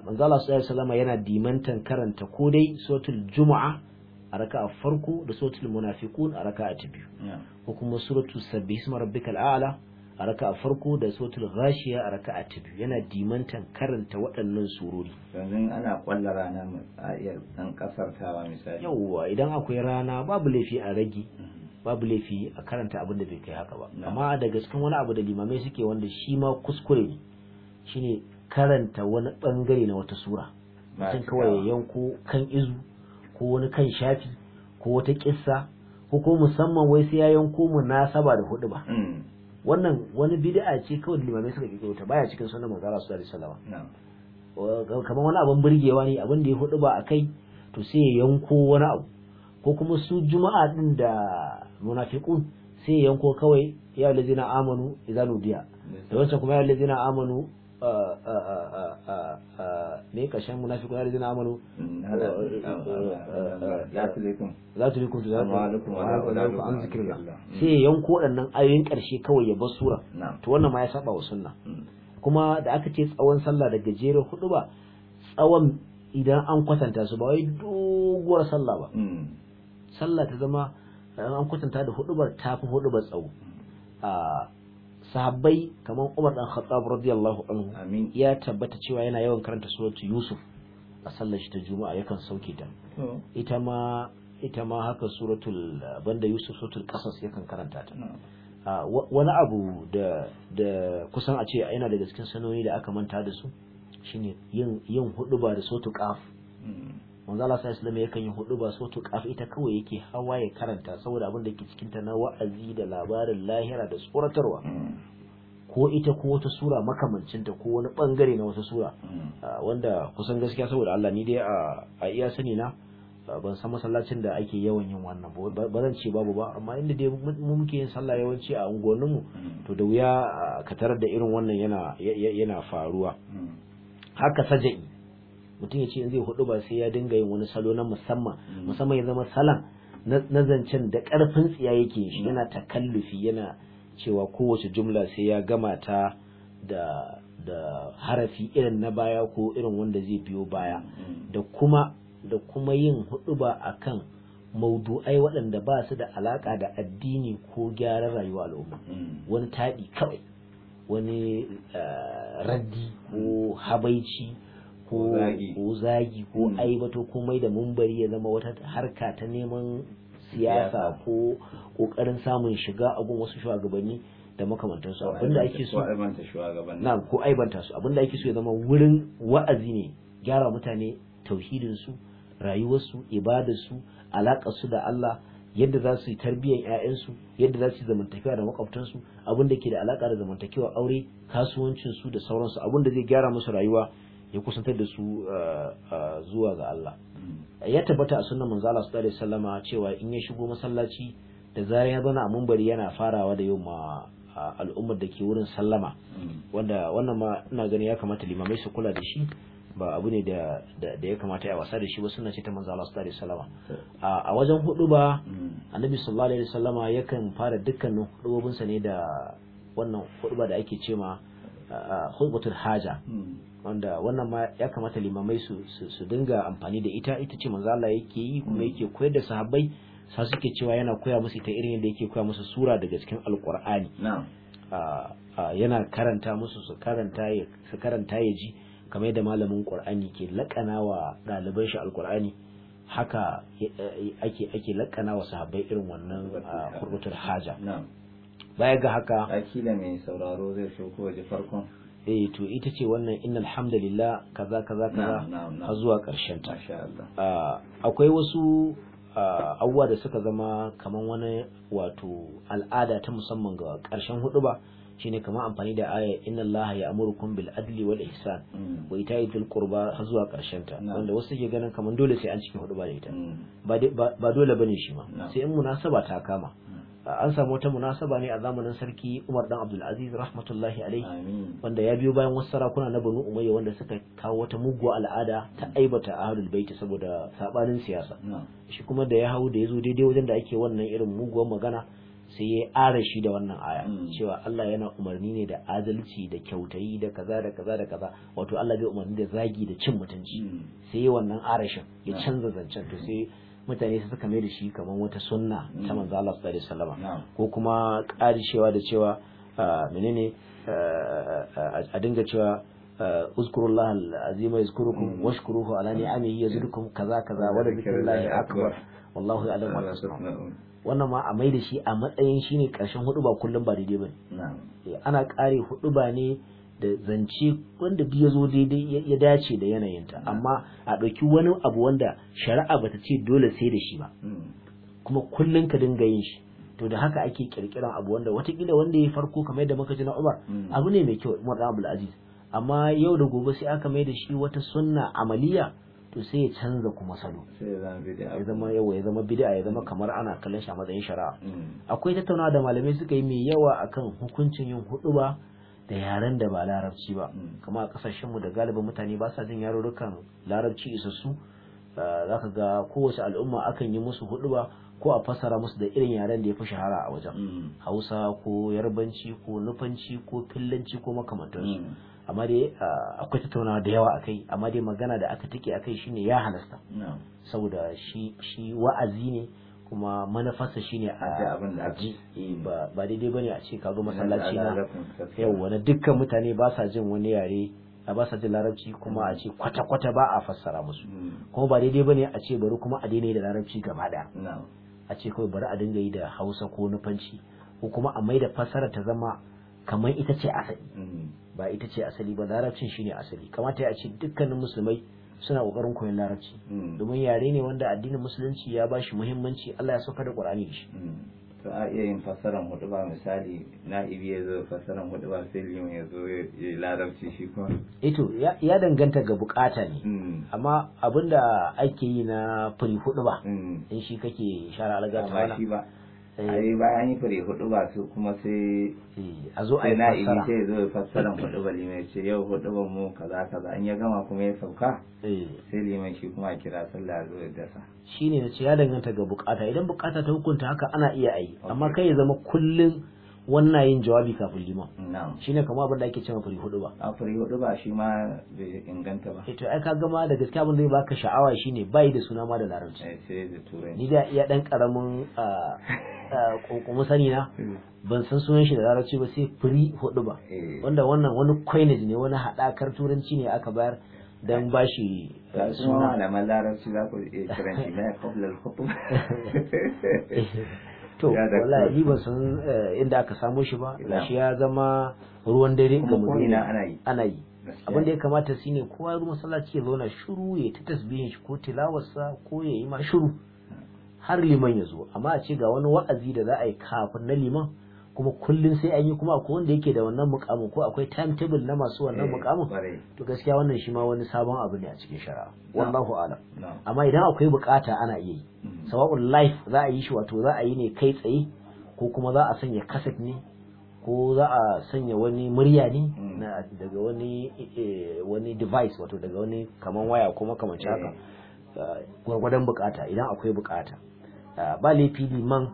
manzo Allah sallallahu alaihi wasallam yana dimantan karanta ko dai suratul jumu'a a raka a farko da suratul munafiqun a raka ta biyu ko kuma suratu sabbi isma rabbikal a'la a raka a farko da suratul ghashiya a raka ta biyu yana dimantan karanta waɗannan surori yanzu ana kwalla rana a iya dan kasartawa misali yawwa idan akwai rana babu laifi a rage mm-hmm. babu laifi a karanta abin da bai kai haka ba amma daga cikin wani abu da limamai suke wanda shi ma kuskure ne shine karanta wani bangare na wata sura mutum kawai yanko kan izu ko wani kan shafi ko wata kissa ko ko musamman wai sai ya yanko munasaba da hudu ba mm. wannan wani bid'a ce kawai limamai suka kike ta baya cikin sunan manzara sallallahu alaihi wasallam kamar wani abin burgewa ne abin da ya hudu ba akai to sai ya yanko wani abu ko kuma su juma'a din da munafiqun sai ya yanko kawai ya allazina amanu idza nudiya da wancan kuma ya allazina amanu ne kashen munafiku na rizina amalu za su rikun za ta an ya sai ya yanko waɗannan ayoyin ƙarshe kawai ya bar sura to wannan ma ya saba wa sunna mm. kuma da aka ce tsawon sallah da gajeren hudu ba tsawon idan an kwatanta su ba wai doguwar sallah ba mm. sallah ta zama an kwatanta da hudu ba ta fi hudu ba tsawo mm. ah, sahabbai kamar Umar dan Khattab radiyallahu anhu ya tabbata cewa yana yawan karanta suratu Yusuf a sallar shi ta Juma'a yakan sauke ta ita ma ita ma haka suratul banda Yusuf suratul Qasas yakan karanta ta wani abu da da kusan a ce yana daga cikin sanoni da aka manta da su shine yin yin hudu da suratul Qaf mm. manzo Allah sallallahu yakan yi ba so to kafi ita kawai yake hawa ya karanta saboda abin da ke cikin ta na wa'azi da labarin lahira da tsoratarwa ko ita ko wata sura makamancin ta ko wani bangare na wata sura mm. ah, wanda kusan gaskiya saboda Allah ni dai a iya sani na ah, ban san masallacin da ake yawan yin wannan ba zan ce babu ba amma inda dai mu muke yin sallah yawanci a mu mm. to da wuya ah, ka tarar da irin wannan yana yana faruwa mm. haka saja'i mutum ya ce in zai hudu ba sai ya dinga yin wani salo na musamman mm. musamman ya zama salan na zancen da karfin tsiya yake shi mm. yana takallufi yana cewa kowace jumla sai ya gama ta da harafi irin na baya ko irin wanda zai biyo baya mm. da kuma da kuma yin hudu ba akan maudu'ai waɗanda ba su da alaka da addini ko gyaran rayuwa al'umma wani taɗi kawai wani eh, raddi ko habaici ko zagi ko hmm. aibato ko da mumbari ya zama wata harka ta neman siyasa ko kokarin samun shiga a gun wasu shugabanni da makamantansu abinda ake so na ko aibanta su abinda ake so ya zama wurin wa'azi ne gyara mutane tauhidin su rayuwarsu ibadarsu alaƙarsu da Allah yadda za su yi tarbiyyar 'ya'yansu yadda za su yi zamantakewa da makwabtansu abin da ke da alaƙa da zamantakewa aure kasuwancinsu da sauransu abin da zai gyara musu rayuwa ya kusantar da su eh, eh, zuwa ga Allah ya tabbata a sunan manzo Allah sallallahu alaihi wasallama cewa in ya shigo masallaci da zarar ya zauna a mumbari yana farawa da yamma al'ummar da ke wurin sallama wanda wannan ma ina gani ya kamata limamai su kula da shi ba abu ne da ya kamata ya wasa da shi ba suna ce ta manzo Allah sallallahu alaihi wasallama a wajen hudu ba annabi sallallahu alaihi wasallama yakan fara dukkanin hudubobinsa ne da wannan hudu da ake cewa hudubatul haja wanda wannan ma ya kamata limamai su su dinga amfani da ita ita ce manzo Allah yake yi kuma yake koyar da sahabbai sa suke cewa yana koya musu ita irin yadda yake koya musu sura daga cikin alkur'ani yana karanta musu su karanta ya su karanta ya ji kamar yadda malamin qur'ani ke laƙanawa wa ɗaliban shi alkur'ani haka eh, eh, ake ake laƙana wa sahabbai irin wannan hurbutul haja baya ga haka akila mai sauraro zai so ko farkon eh to ita ce wannan innal hamdalillah kaza kaza kaza har zuwa ƙarshen ta ah, akwai wasu ah, abubuwa da suka zama kaman wani wato al'ada ta musamman ga ƙarshen hudu ba shine kamar amfani da aya inna allaha ya'murukum bil adli wal ihsan mm. wa ita'i dhil qurba har zuwa karshen ta wanda wasu ke ganin kamar dole sai an cikin hudu ba da ita mm. ba dole bane shi ma sai in munasaba ta kama mm. an samu wata munasaba ne a zamanin sarki Umar dan Abdul Aziz rahmatullahi alaihi wanda ya biyo bayan wasu sarakuna na Banu Umayya wanda suka kawo wata muguwa al'ada ta aibata ahlul baiti saboda sabanin siyasa shi kuma da ya hau da yazo daidai wajen da ake wannan irin muguwar magana sai ya ara shi da wannan aya mm. cewa Allah yana umarni ne da adalci da kyautayi da kaza da kaza da kaza wato Allah bai umarni da zagi da cin mutunci mm. sai wannan arashin ya canza zancen to sai mutane su suka mai da shi kamar wata sunna ta manzo Allah sallallahu alaihi wasallam ko kuma karishewa da cewa menene a dinga cewa uzkurullah alazima yazkurukum mm. washkuruhu ala ni'amihi mm. yazidukum kaza kaza mm. wa dhikrullahi akbar wallahu a'lam ma tasna'un wannan ma a maida shi a matsayin shine karshen hudu ba kullum ba daidai bane ana kare hudu ba ne da zance wanda ya zo daidai ya dace da yanayinta hmm. amma a ɗauki wani abu wanda shari'a bata ce dole sai da shi ba hmm. kuma kullum ka dinga yin shi to da haka ake kirkiran abu wanda watakila wanda ya farko kamar yadda muka ji na Umar hmm. abu ne mai kyau Umar Abdul Aziz amma yau da gobe sai aka mai da shi wata sunna amaliya to sai ya canza kuma salo ya zama yawa ya zama bid'a ya zama kamar ana kallon shi a matsayin shari'a akwai tattaunawa da malamai suka yi mai yawa akan hukuncin yin huɗuba da yaren da ba larabci ba mm. kuma a kasashenmu da galibin mutane ba sa jin yarurrukan larabci isassu ah, za ka ga kowace al'umma akan yi musu huduba ko a fassara musu da irin yaren da ya fi shahara a wajen mm. hausa ko yarbanci ko nufanci ko fillanci ko makamantansu mm. amma dai ah, akwai tattaunawa da yawa akai amma dai magana da aka take akai shine ya halasta saboda shi wa'azi ne kuma shi shine a ji eh, ba daidai bane a ce kago masallaci na yawwa na dukkan mutane ba sa jin wani yare a ba sa jin larabci kuma a ce kwata kwata ba a fassara musu hmm. kuma ba daidai bane a ce bari kuma a daina da larabci gaba daya a ce kawai bari a dinga yi da hausa ko nufanci ko kuma a mai da fassara ta zama kamar ita ce asali hmm. ba ita ce asali ba larabcin shine asali kamata ya ce dukkanin musulmai suna kokarin koyon larabci hmm. domin yare ne wanda addinin musulunci ya ba shi muhimmanci Allah ya sauka da Qur'ani da shi hmm. to a iya yin fassarar hudu ba misali ibi ya zo fassarar hudu ba sai liman ya zo ya larabci shi kuma ito eh ya danganta ga bukata ne hmm. amma abinda ake yi na fari hudu ba in shi kake shara alaga ta ai bayan yi fure hudu ba su kuma sai eh, a zo yi fassara sai zo ya fassara hudu ba ce yau hudu ba mu kaza kaza an ya gama kuma ya sauka eh. sai liman shi kuma a kira sallah zo ya dasa shine nace ya danganta ga bukata idan bukata ta hukunta haka ana iya ayi amma kai ya zama kullin. wannan yin jawabi kafin liman ne kamar abin da ake cewa fari hudu ba a fari hudu ba shi ma bai inganta ba eh to ai ka gama da gaskiya abin da ka sha'awa shi ne bai da suna ma da larabci eh, ni da iya dan karamin kunkumu sani na hmm. ban san sunan shi da larabci ba sai fari hudu ba eh. wanda wannan wani coinage ne wani hadakar turanci ne aka bayar dan shi. Eh, suna malaman larabci za ku iya kiran na ya al to wallahi ni ban san eh, inda aka samo shi ba shi ya zama ruwan dare ga mu ana yi ana yi abin da ya kamata shi ne kowa ruwa masallaci ya zauna shiru ya ta tasbihin shi ko tilawarsa ko ya yi ma shiru har liman ya zo amma a ce ga wani wa'azi da za a yi kafin na liman kuma kullum sai an yi kuma akwai wanda yake da wannan mukamin ko akwai timetable na masu wannan eh, mukamin to gaskiya wannan shi ma wani sabon abu ne a cikin shari'a wallahu alam amma idan akwai bukata ana iya yi mm-hmm. sawa'un life za a yi shi wato za a yi ne kai tsaye ko kuma za a sanya kaset ne ko za a sanya wani murya ne mm. daga wani eh, wani device wato daga wani kaman waya ko makamanci haka eh. gwargwadon bukata idan akwai bukata ba laifi liman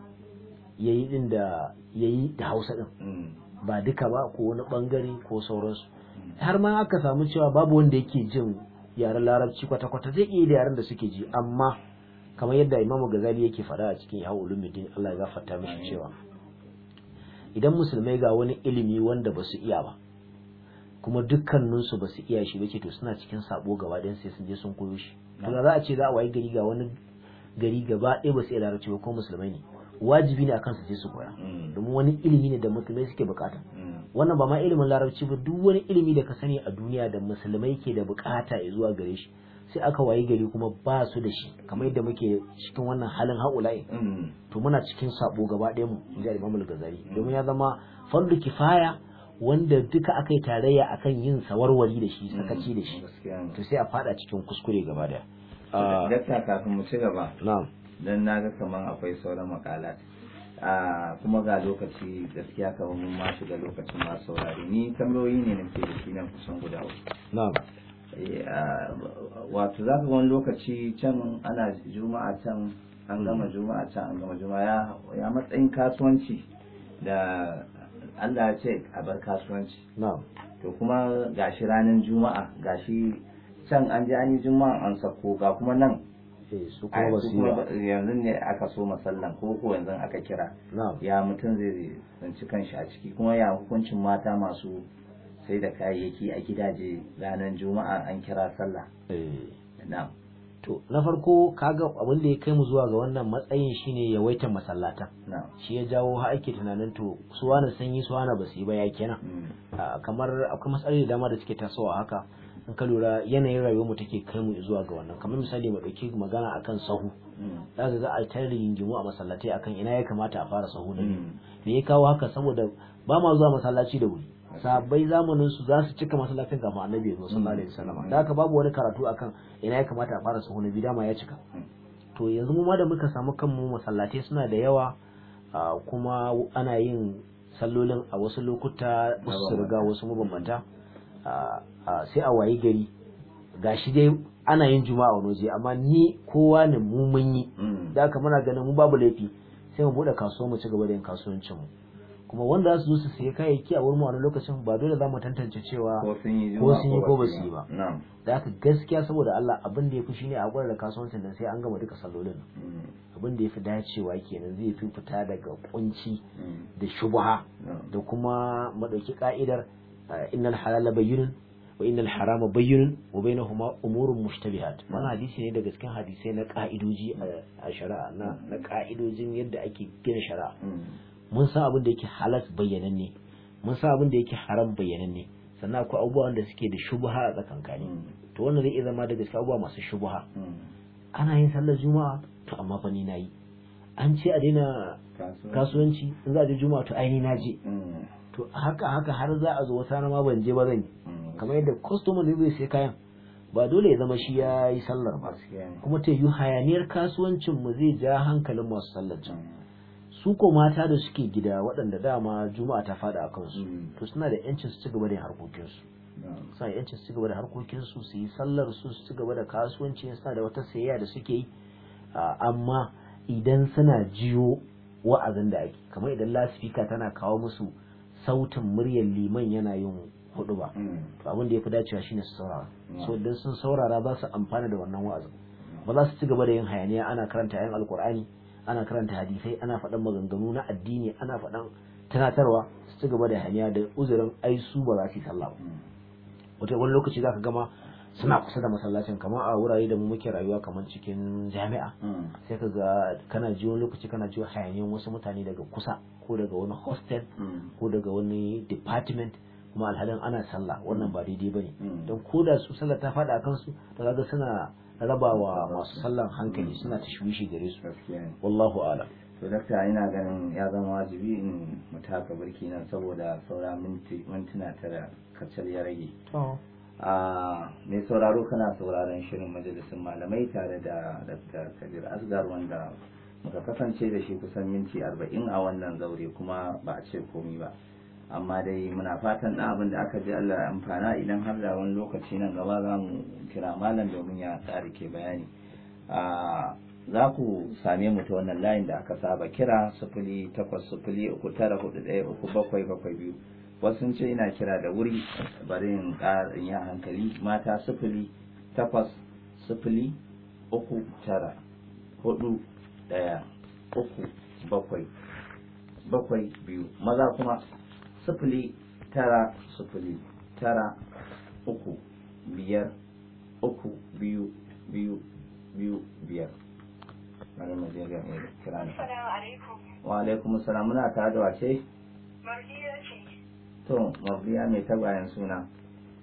ya yi din da ya yi da hausa din mm. ba duka ba ko wani bangare ko sauransu mm. har ma aka samu cewa babu wanda yake jin yaren larabci kwata-kwata zai iya da yaren da suke ji amma kamar yadda imamu gazali yake faɗa a cikin yawon ulumuddin allah ya gafarta mishi cewa idan musulmai ga wani ilimi wanda ba su iya ba kuma dukkaninsu ba su iya shi ba ce to suna cikin sabo gaba ɗayan sai sun je sun koyo shi to za a ce za a wayi gari ga wani gari gaba ɗaya ba su iya larabci ba ko musulmai ne wajibi ne akan su je su koya mm. domin wani ilimi ne da musulmai suke bukata mm. wannan ba ma ilimin larabci ba duk wani ilimi da ka sani a duniya da musulmai ke da bukata ya zuwa gare shi sai aka wayi gari kuma ba su da shi kamar yadda muke cikin wannan halin haula'i mm. to muna cikin sabo gaba ɗaya mu in ji al gazali domin ya zama fardu kifaya wanda duka aka yi tarayya akan yin sawarwari da shi sakaci da shi to sai a fada cikin kuskure gaba da gaskiya ah. kafin mu ci gaba na'am don na ga kamar akwai sauran a kuma ga lokaci gaskiya kamar mun ma shiga lokacin ma saurari ni tambayoyi ne nake da shi nan kusan guda uku eh, wato za ka wani lokaci can ana juma'a can an gama hmm. juma'a can an gama juma'a ya matsayin kasuwanci da Allah ce a bar kasuwanci to kuma gashi ranar juma'a gashi can an je an yi juma'a an sako ga kuma nan su kuma ba su yi yanzu ne aka so masallan ko ko yanzu aka kira ya mutum zai zanci kanshi a ciki kuma ya hukuncin mata masu sai da kayayyaki a gidaje ranar juma'a an kira sallah eh. to na farko kaga abin da ya kai mu zuwa ga wannan matsayin shine yawaitar masallata shi ya jawo har ake tunanin to suwana sanyi yi suwana ba su yi ba ya kenan mm. ah, kamar akwai matsaloli da dama da suke tasowa haka in ka lura yanayin rayuwar mu take kai mu zuwa ga wannan kamar misali mu dauki magana akan sahu mm. za ka ga a ta a masallatai akan ina ya kamata a fara sahu da mm. me ya kawo haka saboda ba ma zuwa masallaci da wuri sabai zamanin su za su cika masallacin kafin annabi sallallahu alaihi wasallam mm. da haka babu wani karatu akan ina ya kamata a fara sahu na dama ya cika to yanzu mu ma da muka samu kanmu masallatai suna da yawa kuma ana yin sallolin a wasu lokuta wasu riga wasu mabambanta sai a wayi gari ga shi dai ana yin juma'a wani waje amma ni kowa ne mu mun yi mm. da haka muna ganin mu babu laifi sai mu bude kasuwa mu ci gaba da yin kasuwancin mu kuma wanda za su zo su sayi kayayyaki a wurin mu a lokacin ba dole za mu tantance cewa ko sun yi ko ba su yi ba da aka gaskiya saboda Allah abin da yafi shine a gwada da kasuwancin nan sai an gama duka sallolin mm. abin da yafi dacewa kenan zai fi fita daga kunci mm. da shubha da kuma madauki ka'idar innal halala bayyinun wa innal harama bayyinun wa bainahuma umurun mushtabihat wannan hadisi ne daga cikin hadisai na ka'idoji a shari'a na na ka'idojin yadda ake gina shari'a mun san abin da yake halas bayyananne mun san abin da yake haram bayyananne sannan akwai abubuwan da suke da shubha a tsakankani to wannan zai iya zama daga cikin abubuwa masu shubha ana yin sallar juma'a to amma fa ni nayi an ce a daina kasuwanci in za a je juma'a to ai ni na je to haka haka har za a zo wata rana ban je ba zan yi kamar yadda customer ne zai sai kayan ba dole ya zama shi ya yi sallar ba kuma ta yi hayaniyar kasuwancin mu zai ja hankalin masu sallar can su ko mata da suke gida waɗanda dama juma'a ta faɗa a kansu to suna da yancin su ci gaba da harkokinsu suna da yancin su ci da harkokinsu su yi sallar su su ci gaba da kasuwanci suna da wata sayayya da suke yi amma idan suna jiyo wa'azin da ake kamar idan lasifika tana kawo musu sautin muryar liman yana yin hudu ba mm. to abin da ya fi dacewa shine su saurara mm. so idan sun saurara za su amfana da wannan wa'azin ba za su ci gaba da yin hayaniya ana karanta yan alkur'ani ana karanta hadisai ana faɗan maganganu na addini ana faɗan tunatarwa su ci gaba da hayaniya da uzurin aisu ba za su yi sallah ba mm. wata wani lokaci za ka gama suna kusa da masallacin kamar a wurare da mu muke rayuwa kamar cikin jami'a hmm. sai ka ga kana ji lokaci kana ji hayaniyan wasu mutane daga kusa ko daga wani hostel hmm. ko daga wani department kuma alhalin ana sallah wannan ba daidai ne. Hmm. don ko da su sallah ta faɗa a su da ga suna rabawa masu sallan hankali suna tashwishi gare su wallahu a'lam to dakta ina ganin ya zama wajibi in mu taka birki nan saboda saura mintuna tara kacal ya rage a mai sauraro kana sauraron shirin majalisun malamai tare da dr kadir asgar wanda muka kasance da shi kusan minti arba'in a wannan zaure kuma ba a ce komi ba amma dai muna fatan ɗan abin da aka ji allah amfana idan har da wani lokaci nan gaba za mu kira malam domin ya tsari ke bayani za ku same mu ta wannan layin da aka saba kira sufuli takwas sufuli uku tara hudu ɗaya uku bakwai bakwai biyu wasu sun ce ina kira da wuri bari in ƙara yin hankali mata sifili takwas sifili uku tara hudu daya uku bakwai bakwai biyu maza kuma sifili tara sifili tara uku biyar uku biyu biyu biyu biyar bari mu je kira kira wa alaikum salam muna tare da wace mardiya ce to mabiya mai tagwayen suna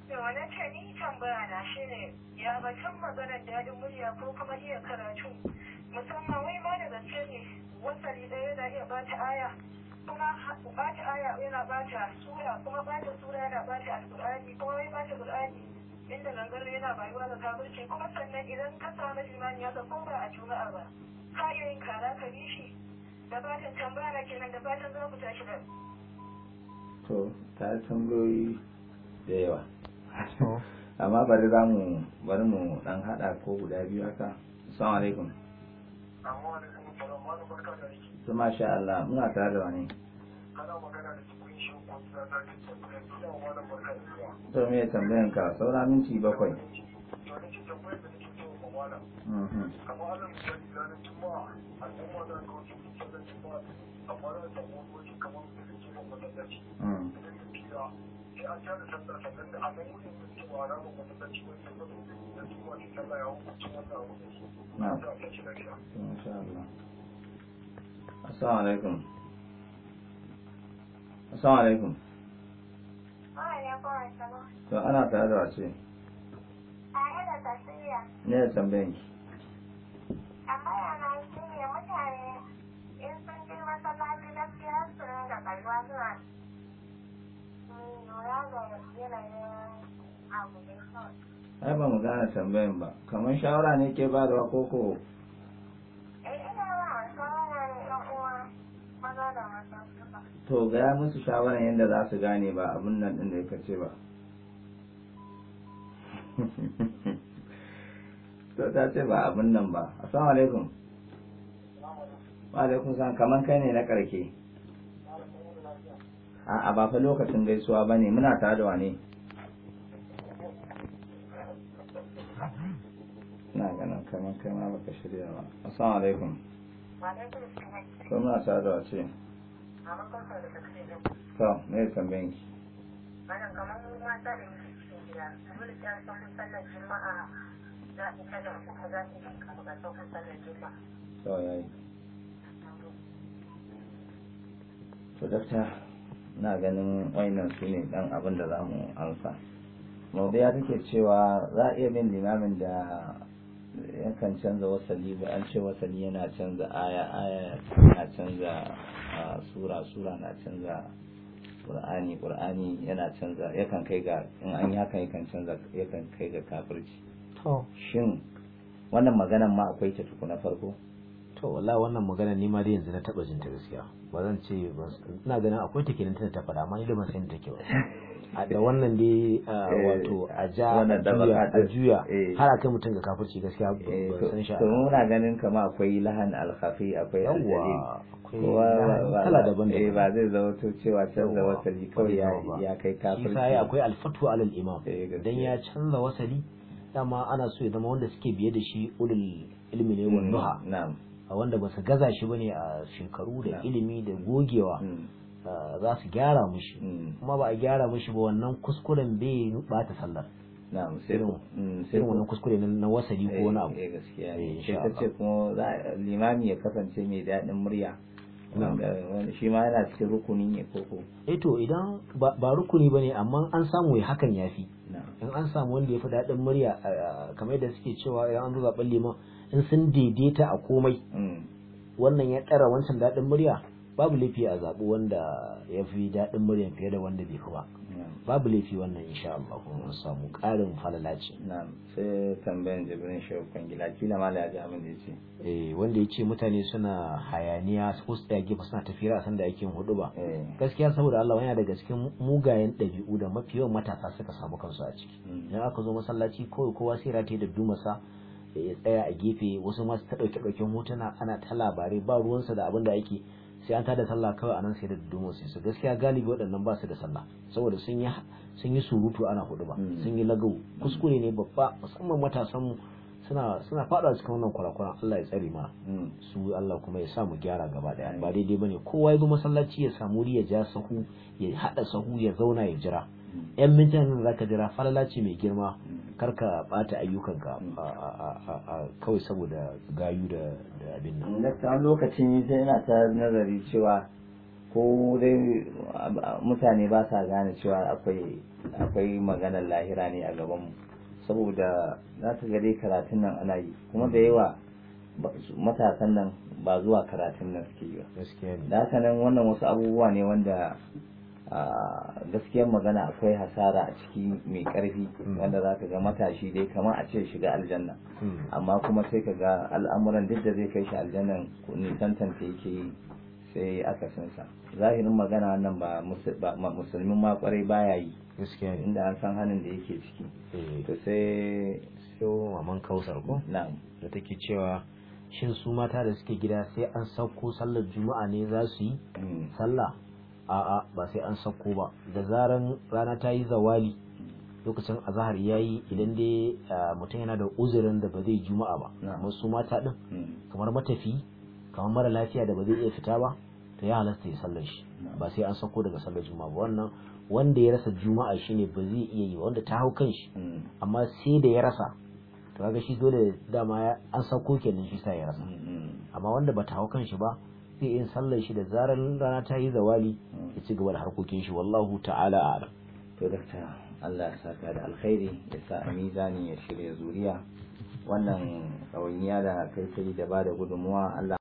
to wani ce ni tambaya na shi ne ya batun maganar dadin murya ko kuma iya karatu musamman wai ma da gaske ne wasali da yana iya bata aya kuma bata aya yana bata sura kuma bata sura yana bata alƙur'ani, kuma wai bata qur'ani inda gangar yana bayuwa da kafirci kuma sannan idan ka samu limani ya ko ba a juma'a ba ka iya yin kara ka bi shi da fatan tambaya kenan da fatan za ku tashi da to ta tambayoyi da yawa oh. amma bari za mu bari mu dan hada ko guda biyu haka assalamu alaikum su sha Allah muna tare da wani to me tambayan ka saura minti bakwai mm-hmm. kamar masallaci sai an tada sallar ne assalamu alaikum to ana tare da wace ne tambayin ki amma yana shi ne mutane ai ba mu gane tambayin ba kamar shawara ne ke eh, ba da koko to gaya musu shawaran yadda za su gane ba abin nan ɗin da ya kace ba to ta ce ba abin nan ba assalamu alaikum wa alaikum salam kamar kai ne na ƙarke a'a ba fa lokacin gaisuwa ne muna tare da wane na ganin kamar kai ma baka shirya ba assalamu alaikum ko muna tare da wace to me ya tambayin ki kamar da cikin gida kamar ta san sallar jima'a za ki kada ku za ki ga sallar to yayi to dakta na ganin wainan su ne dan abin da za mu amsa ya take cewa za a iya bin limamin da yakan canza wasali ba an ce wasali yana canza aya aya yana canza sura sura na canza qur'ani qur'ani yana canza yakan kai ga in an yi haka yakan canza yakan kai ga kafirci to shin wannan maganan ma akwai ta tuku na farko to wallahi wannan magana ni ma dai yanzu na taba jinta ta gaskiya ba zan ce ina ganin akwai take nan tana ta faɗa amma ni da ban san take ba a da wannan ne eh, wato a ja a juya eh. har a kai mutum ga kafirci gaskiya ban eh, san shi to muna ganin kama akwai lahan alkhafi akwai aljalim kala ba zai zama to cewa canza wasali kawai ya kai kafirci shi sai akwai alfatwa alal imam dan ya canza wasali dama ana so ya zama wanda suke biye da shi ulul ilmi ne wa mm, duha a wanda ba su gaza shi bane a shekaru da ilimi da gogewa mm. za su gyara mushi mm. kuma ba a gyara mushi ba wannan kuskuren bai bata sallar na'am sai mm, wannan kuskure na wasali ko eh, na abu eh, gaskiya ne eh, kuma limami ya kasance mai daɗin murya shi ma yana cikin rukuni ne koko eh to idan ba rukuni bane amma an samu ya hakan fi in an samu wanda ya fi daɗin murya kamar yadda suke cewa ya an zo zaɓen liman in sun daidaita a komai mm. wannan ya ƙara wancan daɗin murya babu laifi a zaɓi wanda ya fi daɗin murya fiye da wanda bai fi ba babu laifi wannan insha Allah kuma mun samu ƙarin falalaci ce na'am sai tambayan jibrin shehu gila kila mala ya ji abin da yace eh wanda yace mutane suna hayaniya su kusa tsaya gefe suna tafiya a san da yake hudu ba eh. gaskiya saboda Allah wani daga cikin mugayen ɗabi'u da mafi yawan matasa suka samu kansu a ciki mm. idan aka zo masallaci kowa sai rataye da dumasa da ya tsaya a gefe wasu masu ta ɗauke ɗauken hotuna ana ta labarai ba ruwansa da abin da ake sai an tada sallah kawai anan sai da dumo sai su gaskiya galibi waɗannan ba su da sallah saboda sun yi surutu ana hudu ba hmm. sun yi lagau kuskure ne babba musamman matasan mu suna suna cikin wannan kurakuran Allah ya tsare mana hmm. su Allah kuma ya sa mu gyara gaba daya hmm. ba daidai bane kowa ya bi masallaci ya samu wuri ya ja sahu ya hada sahu ya zauna ya jira yan mintan nan zaka jira falalaci mai girma karka bata ayyukanka a kawai saboda gayu da abin nan tsawon lokacin sai ina ta nazari cewa ko dai mutane ba sa gane cewa akwai maganar lahira ne a gabanmu saboda za ta gare karatun nan ana yi kuma da yawa matasan nan ba zuwa karatun nan suke yi ba da haka nan wannan wasu abubuwa ne wanda gaskiyar magana akwai hasara a ciki mai karfi hmm. wanda za ka ga matashi dai kamar a ce shiga aljanna hmm. amma kuma sai ka ga al'amuran duk da zai kai shi aljannan nisantanta yake yi sai akasinsa zahirin magana nan ba musulmin makwarai baya yi inda an san hannun da yake ciki eh. to sai so maman kausar ko da take cewa shin su mata da suke gida sai an sauko sallar juma'a ne za su yi hmm. sallah a'a ba sai an sako ba da zaran rana ta yi zawali lokacin azahar ya yi idan dai mutum yana da uzurin da ba zai juma'a ba amma su mata din hmm. kamar matafi kamar mara lafiya da ba zai iya fita ba ta yi halasta ya sallar shi ba sai an sako daga sallar juma'a ba wannan wanda ya rasa juma'a shi ne ba zai iya yi wanda ta hau kan shi hmm. amma sai da ya rasa to kaga shi dole dama an sako kenan shi sa ya rasa hmm, amma wanda ba ta hau kan shi ba sai in sallar shi da zarar rana ta yi zawali ya ci gaba da harkokin shi wallahu ta'ala a'lam to dakta Allah ya saka da alkhairi ya sa a ya shirya zuriya wannan ɗawainiya da kai kai da ba da gudunmuwa Allah